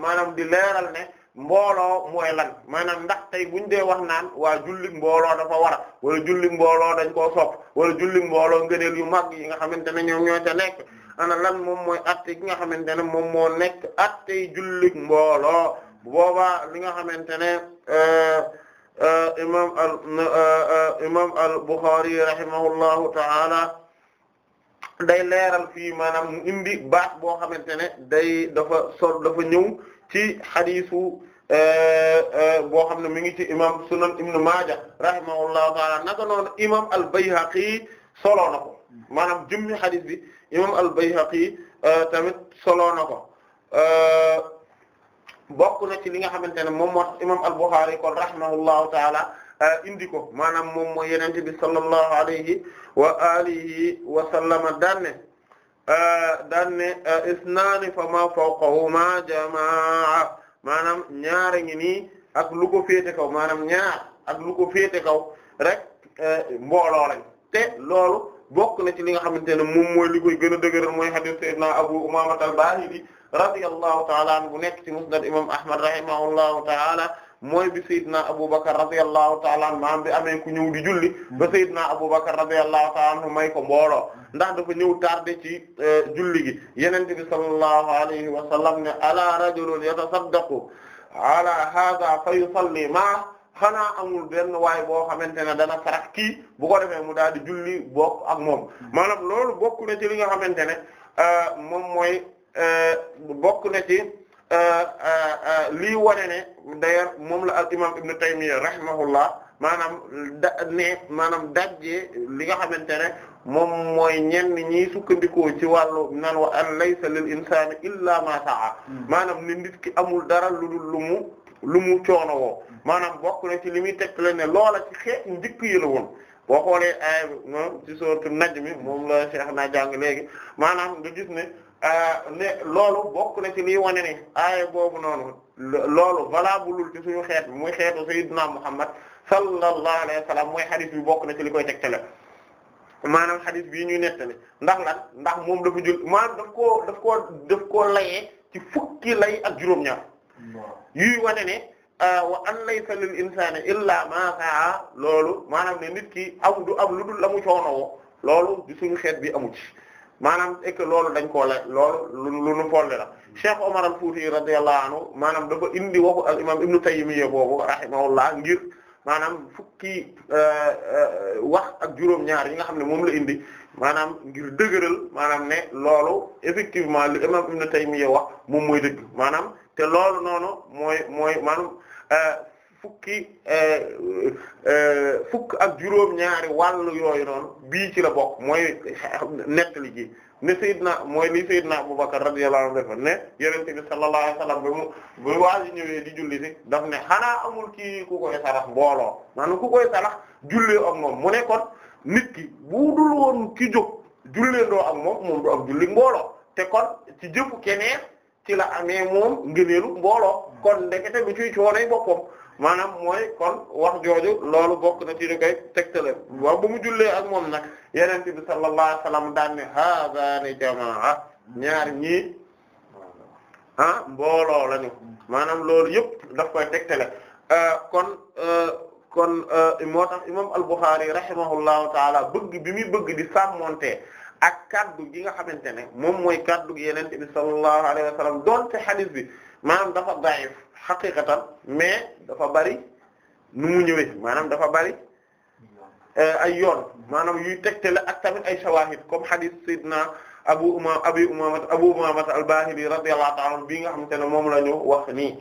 maanaam di leeral ne. mbooloo mooy lan maanaam ndax tey buñ dee wax naan waa julli mboolo dafa war wala julli mbooloo dañ koo sopp wala julli mbooloo ngëneel yu mag yi nga xamante ne ñoom ñoo ca nekk ana lan moom mooy at yi nga xamante ne moom moo nekk at julli mbooloo bu boobaa li nga xamante ne euh, euh, imam al euh, imam al ta'ala day leeral fii maanaam mu indi baat boo xamante ne day dafa sor dafa ñëw ci xadiisu euh, euh, boo xam ne mi ngi ci imam sunan ibnu maaja rahimahullahu taala naka noonu imam al-Bayhaqi soloo maanaam jummi xadiis bi imam al-Bayhaqi euh, tamit soloo na ko bokk na ci li nga xamante ne moom moo tax imam al-Bukhari kon taala indi ko maanaam moom mooy yenente bi sallallahu alayhi wa alihi wa sallama daanne daan ne isnaani fa ma fawqahuma jamaa maanaam ñaara ngi nii ak lu ko féete kaw maanaam ñaar ak lu ko féete kaw rek mbooloo lañ te loolu bokk na ci li nga xamante ne moom mooy li koy gën a dëgëral mooy hadith sayyidina Abu Umaama al-Baahili radiyallahu ta'ala anhu bu nekk ci musnad imam Ahmad rahimahullahu ta'ala mooy bi Seydina Aboubacar radiyallahu ta'ala anhu maam bi amee ku ñëw di julli ba Seydina Aboubacar radiyallahu ta'ala anhu may ko mbooloo ndax dafa ñëw tardé ci euh, julli gi Yonent bi sallallahu alayhi wa sallam ne ala rajulun yatasaddaqu ala hadha fa yusalli ma xanaa amul benn waay boo xamante ne dana sarax kii bu ko defee mu daal di julli bokk ak moom maanaam loolu bokk na ci li nga xamante ne euh, moom mooy euh, bokk na ci. Euh, euh, euh, lii wane ne d'ailleurs moom la al imam ibnu Taymiyya rahimahullah maanaam da ne maanaam dajjee li nga xamante ne moom mooy ñenn ñi sukkandikoo ci wàllu naan wa an laysa lil insani illa ma sa'a hmm. maanaam ne nit ki amul dara lu dul lu mu lu mu coono woo hmm. maanaam bokk na ci li muy teg ne loola ci xeet njëkk yi la woon boo xoolee aaya ci sourate Najm moom la Cheikh naa jàng léegi maanaam nga ne Euh, ne loolu bokk na ci liy wane ne aaya boobu noonu loolu valable ci suñu xeet bi muy xeetu sayyidina Muhammad sallallahu alayhi wa mooy hadith bi bokk na ci li koy tegtale maanaam hadith bii ñuy nettali ndax lan ndax moom dafa jël maanaam daf koo daf koo daf koo layee ci fukki lay ak juróom-ñaar yuy wane ne euh, wa an laysa lil insani illa ma sa'a loolu maanaam ne nit ki am du am lu dul la mu wo loolu di suñu xeet bi amu ci maanaam et loolu dañ koo la loolu lu nu folle la Cheikh Omar al-Fouti radiyallahu anhu maanaam dafa indi waxu al imam Ibn Taymiyya boobu rahimahullah ngir maanaam fukki euh, euh, wax ak juróom-ñaar yi nga xam ne moom la indi maanaam ngir dëgëral maanaam ne loolu effectivement li imam Ibn Taymiyya wax moom mooy dëgg maanaam te loolu noonu mooy mooy maanaam euh, fukki euh, euh, euh, fukk ak juróom-ñaari wàllu yooyu noonu bii ci la bokk mooy nettali ji ne Seydina mooy li Seydina Abubakar radiyallahu anhu dafa ne Yonent bi sallallahu alayhi ba mu ba waa ji ñëwee di julli si daf ne xanaa amul kii ku koy sarax mbooloo maanaam ku koy sarax moom mu ne kon nit ki bu dul woon ki jóg jullee doo ak moom moom du am julli mbooloo te kon ci jëfu keneen. ci la amee moom ngëneelu mbooloo kon ndekete du ciy coonay boppam maanaam mooy kon wax jooju loolu bokk na ci di koy tegtale waaw ba mu jullee ak moom nag yeneen bi sallallahu alayhi wasallam daan ne haadaani jamaa ñaar ñii ah mbooloo lañu maanaam loolu yëpp daf koy tegtale euh, kon euh, kon euh, moo tax imam al-Bukhari rahimahullahu taala bëgg bi muy bëgg di sàmmonte ak kaddu gi nga xamante ne moom mooy kaddu gi yenente bi sallallahu alayhi wa sallam donte xadis bi maanaam dafa da'if xaqiqatan mais dafa bari nu mu ñëwee maanaam dafa bari euh, ay yoon maanaam yu yuy tegtale ak tamit ay shawahid comme xadis sidna abu umama abi umama abu umama al-bahili radiyallahu ta'ala bii nga xamante ne moom la ñu wax nii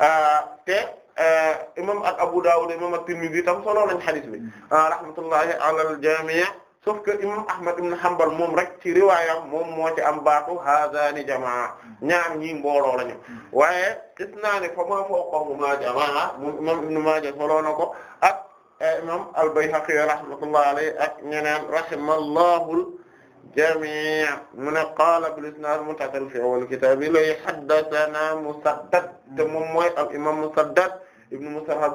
euh, te euh, imam ak abu dawud imam ak tirmidhi tam solo nañ xadis bi rahmatullahi ala al-jami' sauf que imam Ahmad ibn Hanbal moom rek ci riwaayam moom moo ci am baatu haazani jamaa ñaar ñii mbooloo lañu waaye gis naa ne fa ma fawqahumaa jamaa moom imam Ibn Maaja soloo na ko ak eh, imam al-Bayhaqi rahmatullahi alayhi ak ñeneen rahimallahu jamii mu ne qaala bil isnaad muttasil fi awwal kitaab li haddathanaa Musaddad te moom mooy al imam Musaddad ibnu Musarhab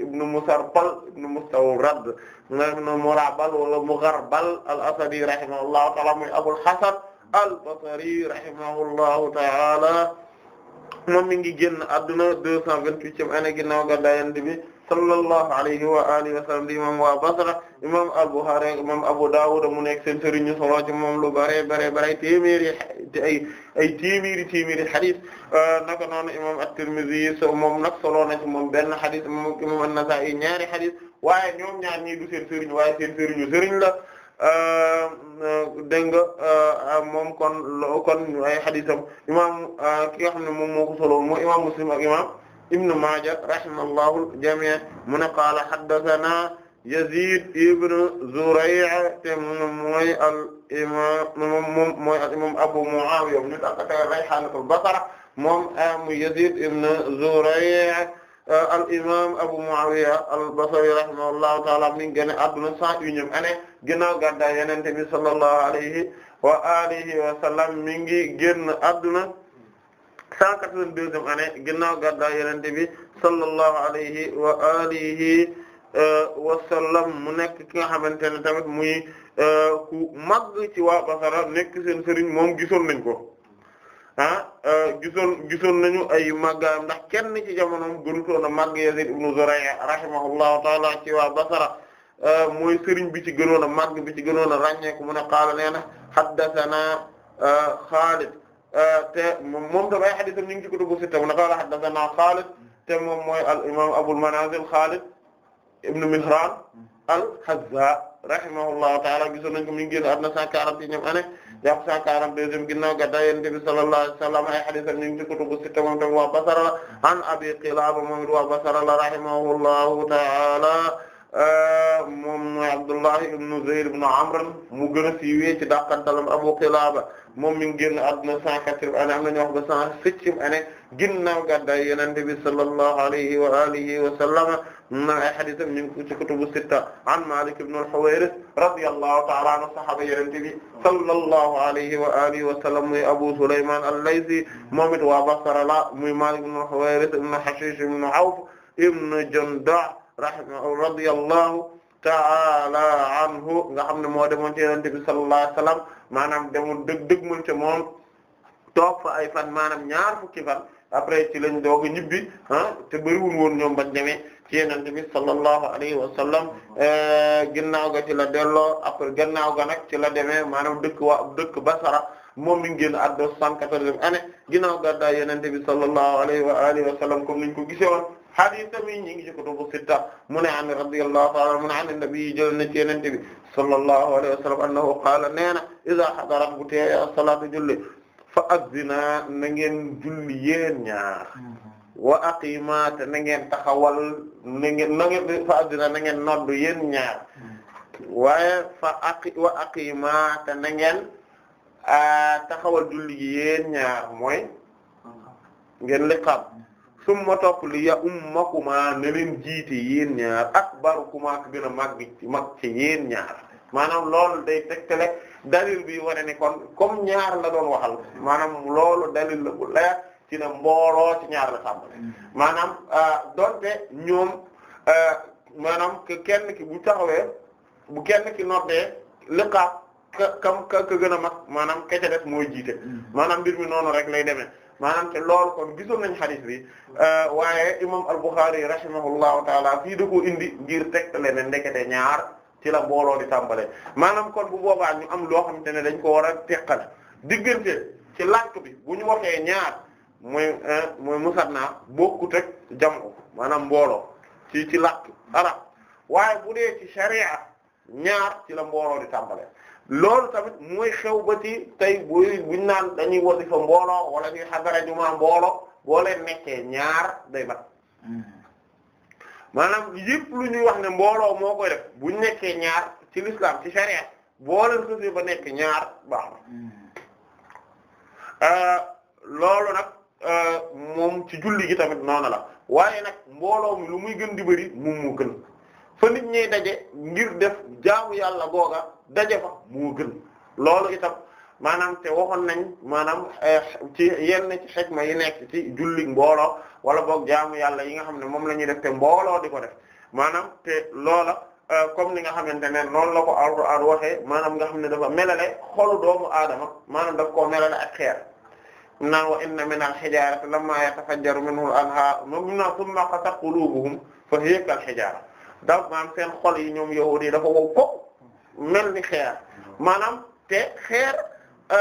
ibnu Musarpal ibnu Mustawrad ibnu Murabal wala Mugharbal al-Asadi rahimahullahu ta'ala muy Abul Hasan al-Basri rahimahullahu ta'ala moom mi ngi génn adduna deux cent vingt-huitième année ginnaaw gàddaay Yonent bi sallallahu alayhi wa alihi wa sallam di imam waa Basra imam al-Bukhari imam Abu Dawud mu nekk seen sëriñ ñu solo ci moom lu bare bare bare téeméeri ay ay téeméeri téeméeri xadis euh, naka noonu imam at so moom nag solo na ci moom benn xadis moom imam an-Nasa'i ñaari xadis waaye ñoom ñaar ñii du seen sëriñ waaye seen sëriñu sëriñ la euh, euh, dégg nga moom kon kon ay xadisam imam ki nga moom ko solo moo imam Muslim ak imam Ibn Maaja rahimahullahu al-jami' mu ne qaala haddathana Yazid ibn Zuray' te moom mooy al imaam moom mooy al imaam Abu Muawiya ibn Rayhaanatul Basra moom muy Yazid ibn Zuray' euh, al imaam Abu Muawiya al-Basri rahimahullahu ta'ala mi ngi génn àdduna cent unième année ginnaaw gàddaay Yonent bi sallallahu alayhi wa alihi wa sallam mi ngi génn àdduna cent quatre-vingt-deuxième année ginnaaw gàddaay Yonent bi sallallahu alayhi wa alihi wa sallam mu nekk ki nga xamante ne tamit muy euh, ku màgg ci waa Basara nekk seen sëriñ moom gisoon nañ ko ah euh, gisoon nañu ay màggaayam ndax kenn ci jamonoom gënutoon a màgg Yazid ibn Zurayya rahimahullahu taala ci waa Basara euh, mooy sëriñ bi ci gënoon a màgg bi ci gënoon a ràññeeku mu ne qaala nee na haddathana Xaalid te moom tamit ay hadiisam ñu ngi ci kutubu sitta mu ne qaala haddathana Xaalid te moom mooy al imaam Abul ibnu Mihran al-Hazza rahimahullahu ta'ala gisoon nañ ko mi ngi génn àdduna 141 année jàpp 142 ginnaaw gàddaay Yonent bi sallallahu alayhi wa sallam ay hadiis ak ñu ngi ci kutubu sitta moom tam waa Basra la an Abi Qilaaba moom waa Basra la rahimahullahu ta'ala moom Abdullah ibn Zayd ibn Amr gën a siiwee ci dàqantalam Abu Qilaaba moom mi ngi génn àdduna 180 année am na ñu wax ba 107 année ginnaaw gàddaay Yonent bi sallallahu alayhi wa alihi wa sallam na ay hadisam ñu ngi ci kutubu sitta an Malik ibn al-Huwayrith radiyallahu ta'ala anhu sahaba yonent bi sallallahu alayhi wa alihi wa sallam muy Abu Sulayman al-Laythi moom it waa Basra la muy Malik ibn al-Huwayrith ibn Hashish ibn Awf ibn Junda' radiyallahu ta'ala anhu nga xam ne moo demoon ci yonent bi sallallahu alayhi wa sallam maanaam demul dëgg dëgg mën ca moom toog fa ay fan maanaam ñaar fukki fan après ci lañ doog ñibbi ah te bëriwul woon ñoom bañ demee ci yenente bi sallallahu alayhi wa sallam eh, ginnaaw ga ci la delloo après gannaaw ga nag ci la demee maanaam dëkk waa dëkk Basara moom mi ngi génn àdduna cent quatorzième année ginnaaw gàddaay yenente bi sallallahu alayhi wa alihi wa sallam comme ko gisee woon hadith tamit ñi ngi ci kutubu sitta mu ne an radiyallahu ta'ala mu ne an nabi jël na ci yenente bi sallallahu alayhi wa sallam annahu qaala nee na iza hadarat bu teeya salaatu julli fa azzina na ngeen julli yéen ñaar mm-hmm. wa aqima te na ngeen taxawal na ngeen na ngeen fa azzina na ngeen noddu yéen ñaar mm-hmm. waaye fa aqi wa aqima te na ngeen taxawal julli gi ñaar mooy mm-hmm. ngeen li xam summa topp li ya ummakuma na leen jiite yéen ñaar akbarukuma gën a mag ci mag ci yéen ñaar maanaam loolu day tegtale dalil bi wane ni kon comme ñaar la doon waxal maanaam loolu dalil la bu leer ci ne mbooloo ci ñaar la tàmbale mm. maanaam euh, donte ñoom euh, maanaam que kenn ki bu taxawee bu kenn ki noddee liqaab ka ka ka gën a mag maanaam ka ca def mooy jiite mm. maanaam mbir mi noonu rek lay demee maanaam te loolu kon gisoon nañ xadis bi euh, waaye imam al-Bukhari rahimahullahu taala fii da ko indi ngir teg leneen ndekete ñaar ci la mbooloo di tàmbalee maanaam kon bu boobaa ñu am loo xamante ne dañ ko war a teqal diggante ci làkk bi bu ñu waxee ñaar mooy mooy musanna bokkut ak jamu maanaam mbooloo ci ci làkk arab waaye bu dee ci sharia ñaar ci la mbooloo di tàmbalee loolu tamit mooy xew ba ci tey bu ñu naan dañuy wasifa mbooloo wala ñuy xadara jumaa mbooloo boo leen nekkee ñaar day bat hmm. maanaam yëpp lu ñuy wax ne mbooloo moo koy def bu nekkee ñaar ci l'islam ci charia boo leen xasee ba nekk ñaar baax na euh, loolu nag euh, moom ci julli gi tamit noonu la waaye nag mbooloo mi lu muy gën di bëri moom moo gën fa nit ñee daje ngir def jaamu yàlla googa daje fa moo gën loolu itam maanaam te waxoon nañ maanaam eh, ci yenn ci xikma yi nekk ci julli mbooloo wala boog jaamu yàlla yi nga xam ne moom la ñuy def te mbooloo di ko def maanaam te loola eh, comme ni nga xamante ne noonu la ko Alxuraan waxee maanaam nga xam ne dafa melale xolu doomu aadama maanaam daf ko melale ak xeer naa wa inna la al-hijarati lamma yatafajjaru minhu al-anhar moom naa thumma qasat qulubuhum fa hiya kal-hijara daf maanaam seen xol yi ñoom yahuudi dafa wow ko mel ni xeer maanaam te xeer Euh,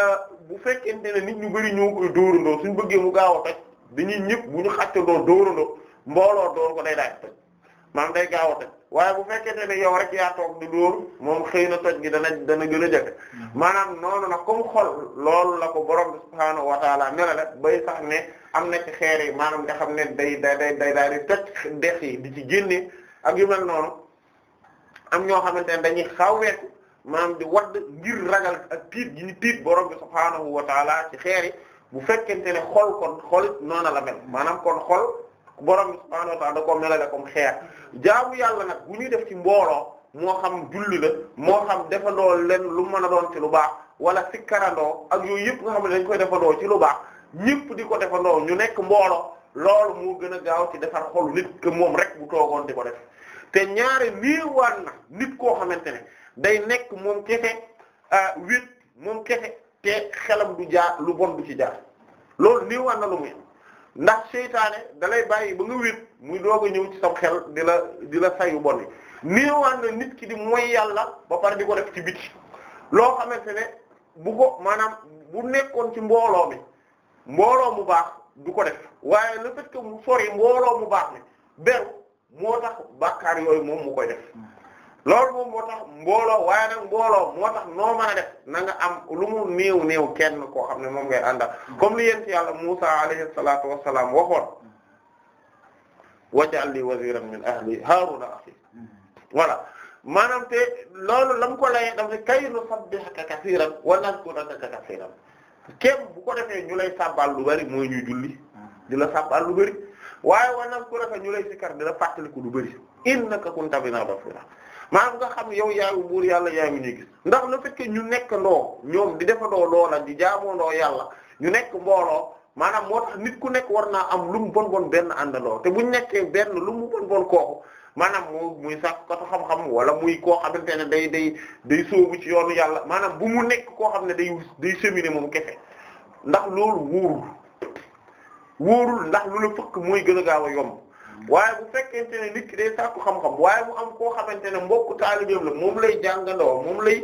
bu fekkente ne nit ñu bari ñoo koy dóorandoo suñ bëggee mu gaaw a toj dañuy ñëpp bu ñu xàccandoo dóorandoo mbooloo dóor ko day daal toj maanaam day gaaw a toj waaye bu fekkente ne yow rek yaa toog di moom xëy na toj gi dana dana gën a jafe mm-hmm. maanaam noonu nag comme xol loolu la ko borom subhaanahu wa taala la bay sax ne am na ci xeer yi maanaam nga xam ne day day day day daal di toj dex yi di ci génne ak yu mel noonu am ñoo xamante ne dañuy xaweeku maanaam di wadd ngir ragal ak tiit gi ñu tiit borom bi subhaanahu wa taala ci xeer yi bu fekkente ne xol kon xolit noona la mel maanaam kon xol borom bi subhaanahu wa taala da ko melale comme xeer jaabu yàlla nag bu ñuy def ci mbooloo moo xam julli la moo xam defandoo leen lu mën a doon ci lu baax wala sikkarandoo ak yooyu yëpp nga xam ne dañ koy defandoo ci lu baax ñëpp di ko defandoo ñu nekk mbooloo loolu moo gën a gaaw ci defar xolu nit moom rek bu toogoon def te ñaare néewaan na nit koo xamante ne day nekk moom kese wét moom kese te xelam du jaar lu bon du ci jaar loolu nii na lu muy ndax seytaane dalay bàyyi ba nga wét muy doog a ñëw ci sam xel di la di la sayu bon yi nii war na nit ki di mooy yàlla ba pare di ko def ci biti loo xamante ne bu ko maanaam bu nekkoon ci mbooloo mi mbooloo mu baax du ko def waaye le fait que mu sori mbooloo mu baax mi benn moo tax bàkkaar yooyu moom mu koy def lool moom moo tax mbooloo waaye mbooloo moo tax noo a na nga am lu mu néew néew kenn koo xam ne moom ngay àndal comme li yent yàlla Musa alayhi salaatu wassalaam waxoon waj'al li waziran min ahli haaruna axi voilà maanaam te loolu lam ko layee daf ne kay nusabbihaka kasiiran wa nadhkuraka kasiiran kem bu ko defee ñu lay sàbbal lu bari mooy ñuy julli di la sàbbal lu bari waaye wa nadhkuraka ñu lay sikkar di la fàttaliku lu bari innaka kunta bina basira maanaam nga xam yow yaayu buur yàlla yaay mu ñuy gis ndax le fekkee ñu nekkandoo ndoo ñoom di defandoo loola di jaamoondoo yàlla ñu nekk mbooloo maanaam moo tax nit ku nekk war naa am lu mu bon bon benn àndandoo te bu nekkee benn lu mu bon bon kooku maanaam mu muy sàkk katu xam-xam wala muy koo xamante ne day day day sóobu ci yoonu yàlla maanaam bu mu nekk koo xam ne day day cheminer moom kese ndax loolu wóorul wóorul ndax lu la fëkk mooy gën a gaaw a yomb waaye bu fekkente ne nit ki day sàkku xam-xam waaye mu am koo xamante ne mbokku taalibeem la moom lay jàngandoo moom lay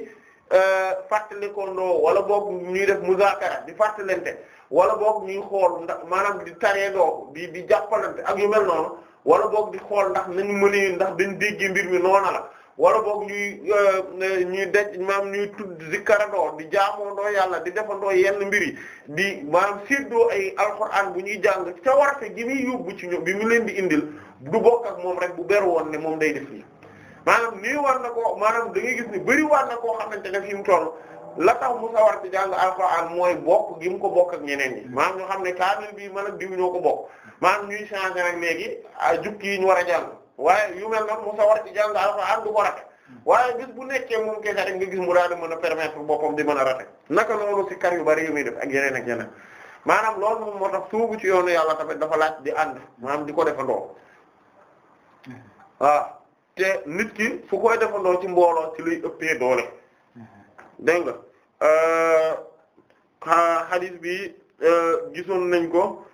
euh, fàttalikondoo wala boog ñuy def muzaakara di fàttalente wala boog ñuy xool ndax maanaam di tareedoo di di jàppalante ak yu mel noonu wala boog di xool ndax nañ mënee ndax dañ déggee mbir mi noona la wala boog ñuy euh, ñuy dej maam ñuy tudd zikkarandoo di jaamoondoo yàlla di defandoo yenn mbir yi di maanaam séddoo ay alxuraan bu ñuy jàng ca gi muy yóbbu ci ñu bi mu leen di indil du bokk ak moom rek bu beru woon ne moom day def lii maanaam nii war na koo maanaam da ngay gis ni bëri war na koo xamante ne fi mu toll la tax mu sawar jàng alxuraan mooy bokk gi mu ko bokk ak ñeneen ñi maam ñu xam ne kaamil bii man ak diw ñoo ko bokk maanaam ñuy changer rek léegi ah, jukki yi ñu war a jàng waaye yu mel noonu mu sawar ci jàng alxuraan du ko rate waaye bis bu nekkee moom kese rek nga gis mu daal di mën a permettre boppam di mën a rate naka noonu si kar yu bari yu muy def ak yeneen ak maanaam loolu moom moo tax suubu ci yoonu yàlla tamit dafa laaj di ànd maanaam di ko defandoo waaw te nit ki fu koy defandoo ci mbooloo ci luy ëppee doole dégg nga euh, hadith bi euh, gisoon nañ ko.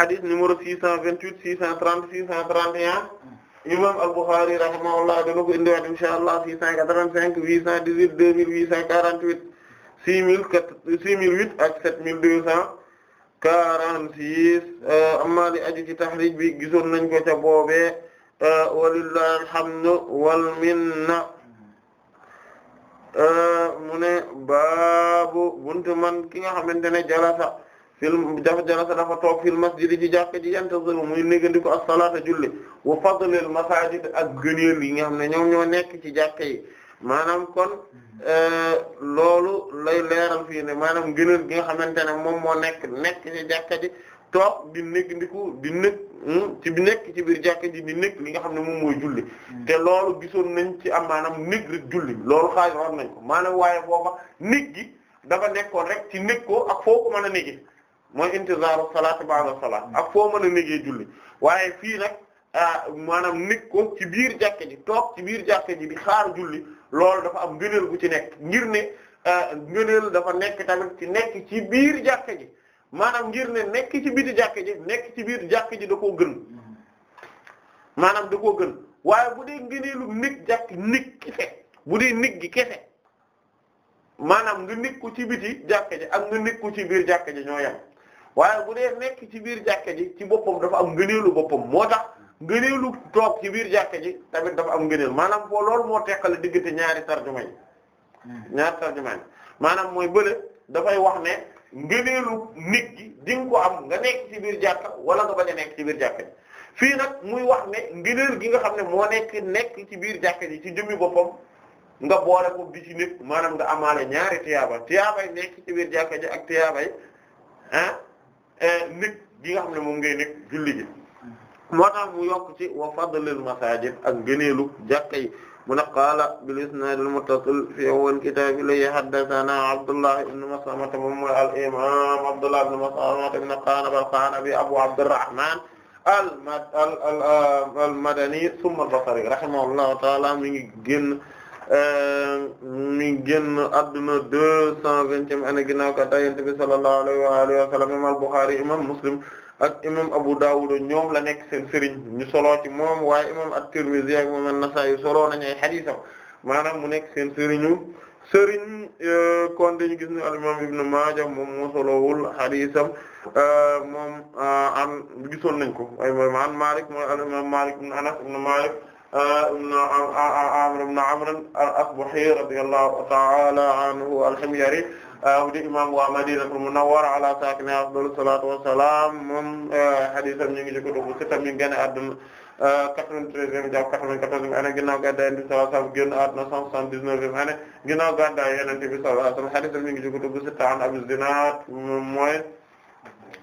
hadith numéro 628 630 631 imam al-Bukhari rahimahullah dana ko indiwaat inshallah 685 818 2848 6008 ak 7246 euh, amma li aju ci tahrij bi gisoon nañ ko ca boobee euh, walillahi alhamdu wal minna euh, mu ne baabu buntu man ki nga xamante ne jalasa fil dafa jalasa dafa toog fil masjid ci jàkka ji yantaziru muy négandiku as-salaata julli wa fadlil masaajid ak gëneel yi nga xam ne ñoom ñoo nekk ci jàkka yi maanaam kon euh, loolu lay leeral fii ne maanaam gëneel gi nga xamante ne moom moo nekk nekk ci jàkka ji toog di négandiku di nekk hmm, ci bi nekk ci biir jàkka ji di nekk li nga xam ne moom mooy julli hmm. te loolu gisoon nañ ci am maanaam nég rek julli loolu xaaj war nañ ko maanaam waaye booba nég gi dafa nekkoon rek ci nég ko ak foo ko mën a mooy intizaaru salaat ba'da salaat a foo mën a négee julli waaye fii nag ah, maanaam nég ko ci biir jàkka ji toog ci biir jàkka ji di xaar julli lool dafa am ngëneel gu ci nekk ngir ne ah, ngëneel dafa nekk tamit ci nekk ci biir jàkka ji maanaam ngir ne nekk ci biti jàkka ji nekk ci biir jàkka ji da koo gën maanaam da koo gën waaye bu dee ngëneelu nég jàkk nég kese bu dee nég gi kese maanaam nga nég ko ci biti jàkka ji ak nga nég ko ci biir jàkka ji ñoo yem waaye bu dee nekk ci biir jàkka ji ci boppam dafa am ngëneelu boppam moo tax ngëneelu toog ci biir jàkka ji tamit dafa am ngëneel maanaam foo loolu moo teqale diggante ñaari tarjuma yi hmm. ñaari tarjuma yi maanaam mooy bële dafay wax ne ngëneelu nit gi di ko am nga nekk ci biir jàkka wala nga bañ nekk ci biir jàkka ji fii nag muy wax ne ngëneel gi nga xam ne moo nekk nekk ci biir jàkka ji ci jëmmi boppam nga boole ko bi ci nit maanaam nga amaale ñaari tiyaaba tiyaabay nekk ci ak tiyaabay ah, Eh, nekk gi nga xam ne moom ngay nekk julli gi moo tax mu yokk ci wa fadlil masajid ak gëneelu jàkka yi mu ne qaala bil isnaad al muttasil fi awwal kitaab li haddathana abdullah ibn maslamata moom mooy al imam abdullah ibn maslamata ibn qanab al qanabi abu abdurrahman al al al madani thumma al basri rahimahullahu ta'ala mi ngi génn Euh, mi génn adduna deux cent vingtième année ginnaaw a Yonent bi sallallahu alayhi wa alihi wa sallam imam Bukhari imam Muslim ak imam Abu Dawud ñoom la nekk seen sëriñ ñu solo ci moom waaye imam At-Tirmidhi ak imam An-Nasa'i solo maanaam mu nekk seen sëriñu sëriñ euh, kon dañu gis ne al-imam Ibn Maaja moom moo solowul euh, moom an gisoon nañ ko ay moom an Maalik mooy Anas ibn Maalik Amr ibn Amr al-Asbahi radiyallahu ta'ala anhu al-Himyari di imam wa Madinatul Munawwara ala saakinihaa afdalu salaatu wa salaam moom eh, hadiisam ñu ngi ci kutubu sitta mi ngi génn àdduna 93e eh, jàpp 94e année ginnaaw gàddaay Yonent bi sallallahu alayhi wa sallam génn àdduna 179e année ginnaaw gàddaay Yonent bi sallallahu alayhi wa sallam hadiisam ñu ngi ci kutubu sitta an Abu Zinaad mooy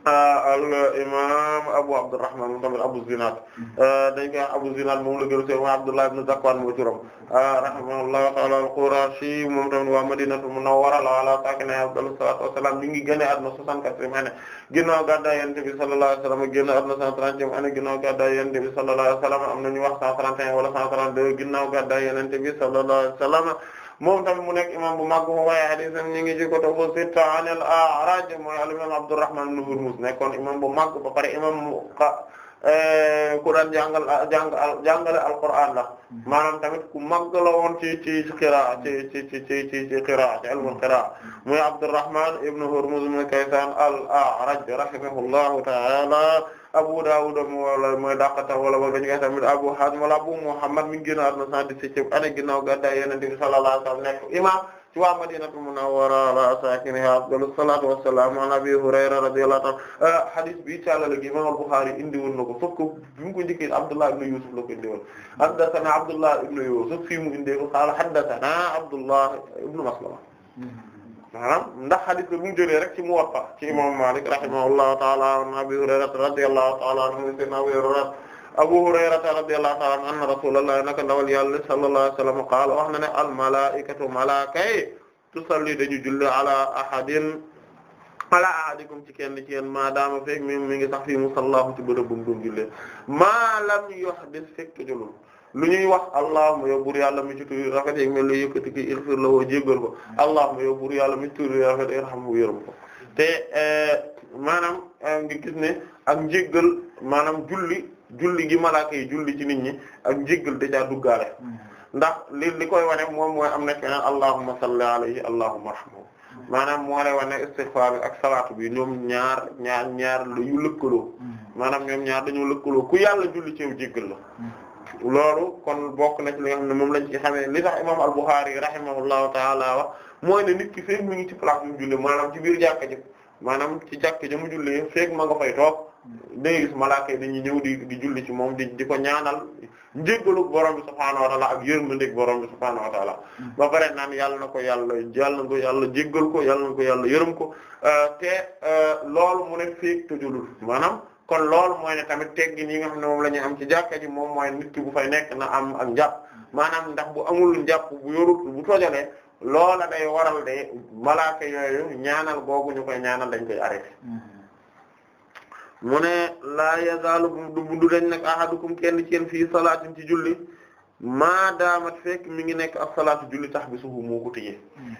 al imam Abu Abdurrahman moom tamit Abu Zinad mm-hmm. dañ koy wax Abu Zinad moom la gën a sori moom Abdullah ibn Zakwan moo turam rahimahullahu ta'ala al-Qurashi moom tamit waa Madinatu Munawwara ala sakiniha afdalu salaatu wa salaam mi ngi génne àdduna 64e année ginnaaw gàddaay Yonent bi sallallahu alayhi wa sallam génn àdduna 130e année ginnaaw gàddaay Yonent bi sallallahu alayhi wa sallam am na ñu wax 131 wala 132 ginnaaw gàddaay Yonent bi sallallahu alayhi wa sallam moom tamit mu nekk imam bu mag mu waaye hadiisam ñu ngi ci ko tobu sitta an al-A'raj mooy al-imam Abdurrahman ibn Hurmuz nekkoon imam bu mag ba pare imam eh, ku daan jàngal jàng jàngale alquran la tamit ku mag la woon ci ci qiraa ci ci ci ci ci ci qiraa ci ilmul qiraa muy Hurmuz ibn Kaysan al-A'raj rahimahullahu ta'ala Abu Dawud wala mooy dàqata wala wala ñu koy tamit Abu Hazim wala Abu Muhammad mi ngi génn àdduna 117 année ginnaaw gàddaay Yonent bi sallallahu alayhi wa sallam nekk imaam ci waa Madinatul Munawwara ala saakinihaa afdalu salaatu wa salaam an Abi Hurayra radiyallahu ta'ala euh, hadith bi caalala gi imaam al-Bukhari indi woon na ko sauf que bi mu ko njëkkee Abdullah ibn Yusuf la ko indi woon haddathana Abdullah ibn Yusuf fi mu indee ko qaala Abdullah ibn Maslama hmm. maanaam ndax hadith bi mu jëlee rek ci Muwatta ci imam Malik rahimahullahu ta'ala an Abi Hurayra radiyallahu ta'ala anhu sayyidina Abi Hurayra Abu Hurayra radiyallahu ta'ala anhu anna Rasulullah naka ndawal Yàlla sallallahu alayhi wa sallam qaala wax na ne al malaa'ikatu malaakay tusalli dañu julli ala ahadin ala ahadikum ci kenn ci yéen maadaama fekk mi mi ngi sax fii musallahu ci bërëb bu mu doon jullee maa lam yuhdis fekk julul lu ñuy wax allahumma yow bur yàlla mi ci tur rafet yi mel lu yëkkati ki irfir la woo jéggal ko allahumma yow buur yàlla mi ci tur rafet irhamhu yërëm ko te e, maanaam e, nga gis ne ak njéggal maanaam julli julli gi malaaka yi julli ci nit ñi ak njéggal da caa ndax li li koy wane moom mooy am na keneen allahumma salli alayhi allahumma arhamhu maanaam moo lay wane istighfar bi ak salaatu bi ñoom ñaar ñaar ñaar lu yu lëkkaloo mm. maanaam ñoom ñaar dañoo lëkkaloo ku yàlla julli ci yow la mm. loolu kon bokk na ci li nga xam ne moom lañ ci xamee li tax imam al-Bukhari rahimahullahu taala wax mooy ne nit ki feeg mu ngi ci place mu jullee maanaam ci biir jàkka ji maanaam ci jàkka ji mu jullee feeg ma nga fay toog day gis malaaka yi dañuy ñëw di di julli ci moom di di ko ñaanal njéggalu borom bi subhaanahu wa taala ak yërmandeeg borom bi subhaanahu wa taala hmm. ba naan yàlla na ko yàlla yàlla ko yàlla jéggal ko yàlla na ko yàlla yërëm ko euh, te euh, loolu mu ne feeg tëjulul maanaam kon loolu mooy ne tamit teggin yi nga xam ne moom la ñuy am ci jàkka ji moom mooy nit ki bu nekk na am ak njàpp maanaam ndax bu amul njàpp bu yorut bu tojalee loola day waral de malaaka yooyu ñaanal googu ñu koy ñaanal dañ koy arrêté mu ne laa yazaalu du du dañ nag ahadukum kenn ci yéen fii salaatin ci julli maa daamat fekk mi ngi nekk ak salaatu julli tax bi suhu mu ko téye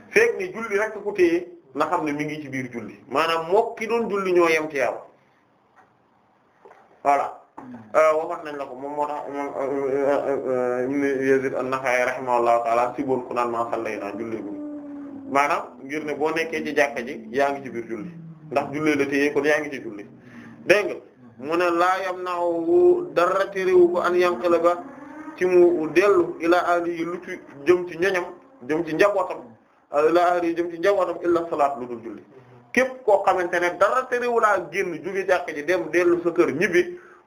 fekk ni julli rek ko téye na xam ne mi ngi ci biir julli maanaam moo ki doon julli ñoo yem ci yàlla voilà euh, waxoon nañ la ko moom moo tax Ibn euh, euh, Yazid an-Nakha'i rahimahullahu ta'ala si boon ku naan maa sallay naa jullee maanaam ngir ne boo nekkee ci jàkka ji yaa ngi ci biir julli ndax jullee la téye kon yaa ngi ci julli dégg nga mu ne laa yam naawu dara terewu ko an yanqalaba ci mu dellu ilaa ahli lu ci jëm ci ñoñam jëm ci njabootam ilaa ahli jëm ci njabootam illa salaat lu dul julli képp koo xamante ne dara terewulaa génn jóge jàkka ji dem dellu sa kër ñibbi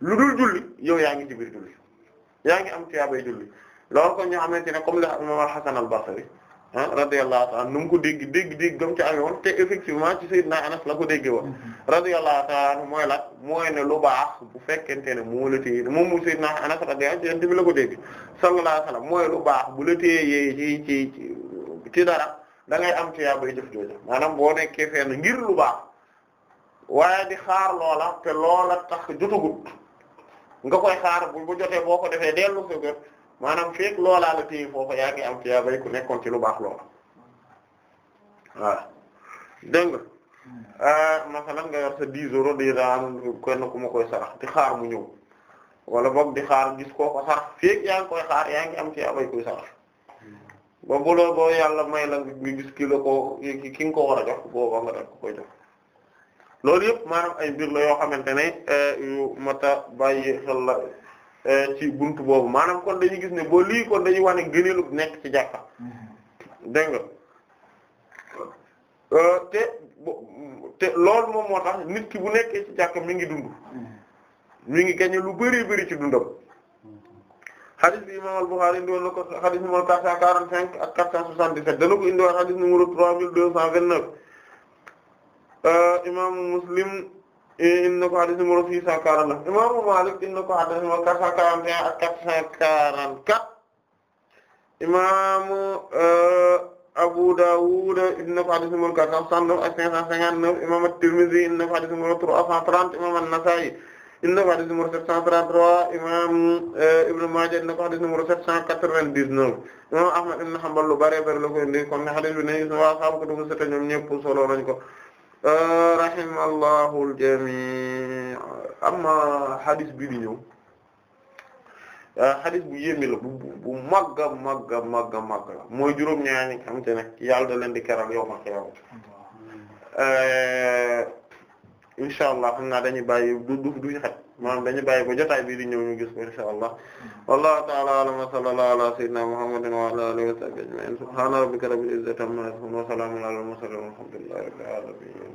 lu dul julli yow yaa ngi ci biir julli yaa ngi am tiyaabay julli loolu kon ñu xamante ne comme li imam a hasan al-Basri ah radiyallahu ta'ala nu mu ko dégg dégg dégg gam ci amee woon te effectivement ci Sayyidina Anas la ko déggee woon mhm. radiyallahu ta'ala mooy la mooy ne lu baax bu fekkente ne moo la téye moom mu Sayyidina Anas radiyallahu ta'ala bi la ko dégg sallallahu lu baax bu la téye ci ci ci da ngay am tuyaaba jëf jooja maanaam boo nekkee fenn ngir lu baax waaye di xaar loola te loola tax jotagut nga koy xaar bu bu jotee boo ko defee dellu sa kër maanaam fekk loolaa la téye foofa yaa ngi am tuyaaba ku nekkoon ci lu baax loola waaw dégg nga ah, masalan nga yor sa 10 euros di daan kenn ku ma koy sarax di xaar mu ñëw wala boog di xaar gis koo ko sarax fekk yaa ngi koy xaar yaa ngi am tuyaaba kuy sarax. ba bu la boo yàlla may la nga gis ki la ko ki nga ko war a jox a nga def ko jox loolu yëpp maanaam ay mbir la yoo xamante ne eh, yu mat a bàyyi xel la eh, ci bunt boobu maanaam kon dañuy gis ne boo lii kon dañuy wax ne gëneelu nekk ci jàkka dégg nga eh, te te loolu moom moo tax nit ki bu nekkee ci jàkka mi ngi dund mu mm-hmm. ngi gañe lu bari bari ci dundam xadis bi imam al-Bukhari indi woon na ko xadis numéro 445 ak 477 dana ko indi woon xadis numéro 3229 euh, imam Muslim indi na ko xadis numéro 649 imam Malik indi na ko xadis numéro 441 ak 444 imam euh, Abu Dawud indi na ko xadis numéro 469 ak 559 imam at-Tirmidhi indi na ko xadis numéro 330 imam an-Nasa'i inna ko hadith numéro 733 imam eh, Ibn Maaja inna ko hadith numéro 799 imam Ahmad ibn Hanbal lu bare bare la ko indi kon hadith bi ne waa saabu ko dugg sete eh, ñoom ñépp solo nañ ko rahimallahu al-jami' amma hadith bi di eh, bu yéeme bu bu màgga màgga màgga mooy juróom ñaari ñi nga xamante yàlla da leen di keral yow ma xew incha allah xam naa dañuy bàyyi du du duñu xat maanaam dañuy bàyyi ba jotaay bii di ñëw ñu gis ko incha allah ta'ala a'lam wa sallallahu ala sayyidina muhammadin wa ala alihi wa sahbihi ajma'in subhana rabbika rabbil izzati amma yasifun wa salamun ala al mursalin walhamdulillahi rabbil alamin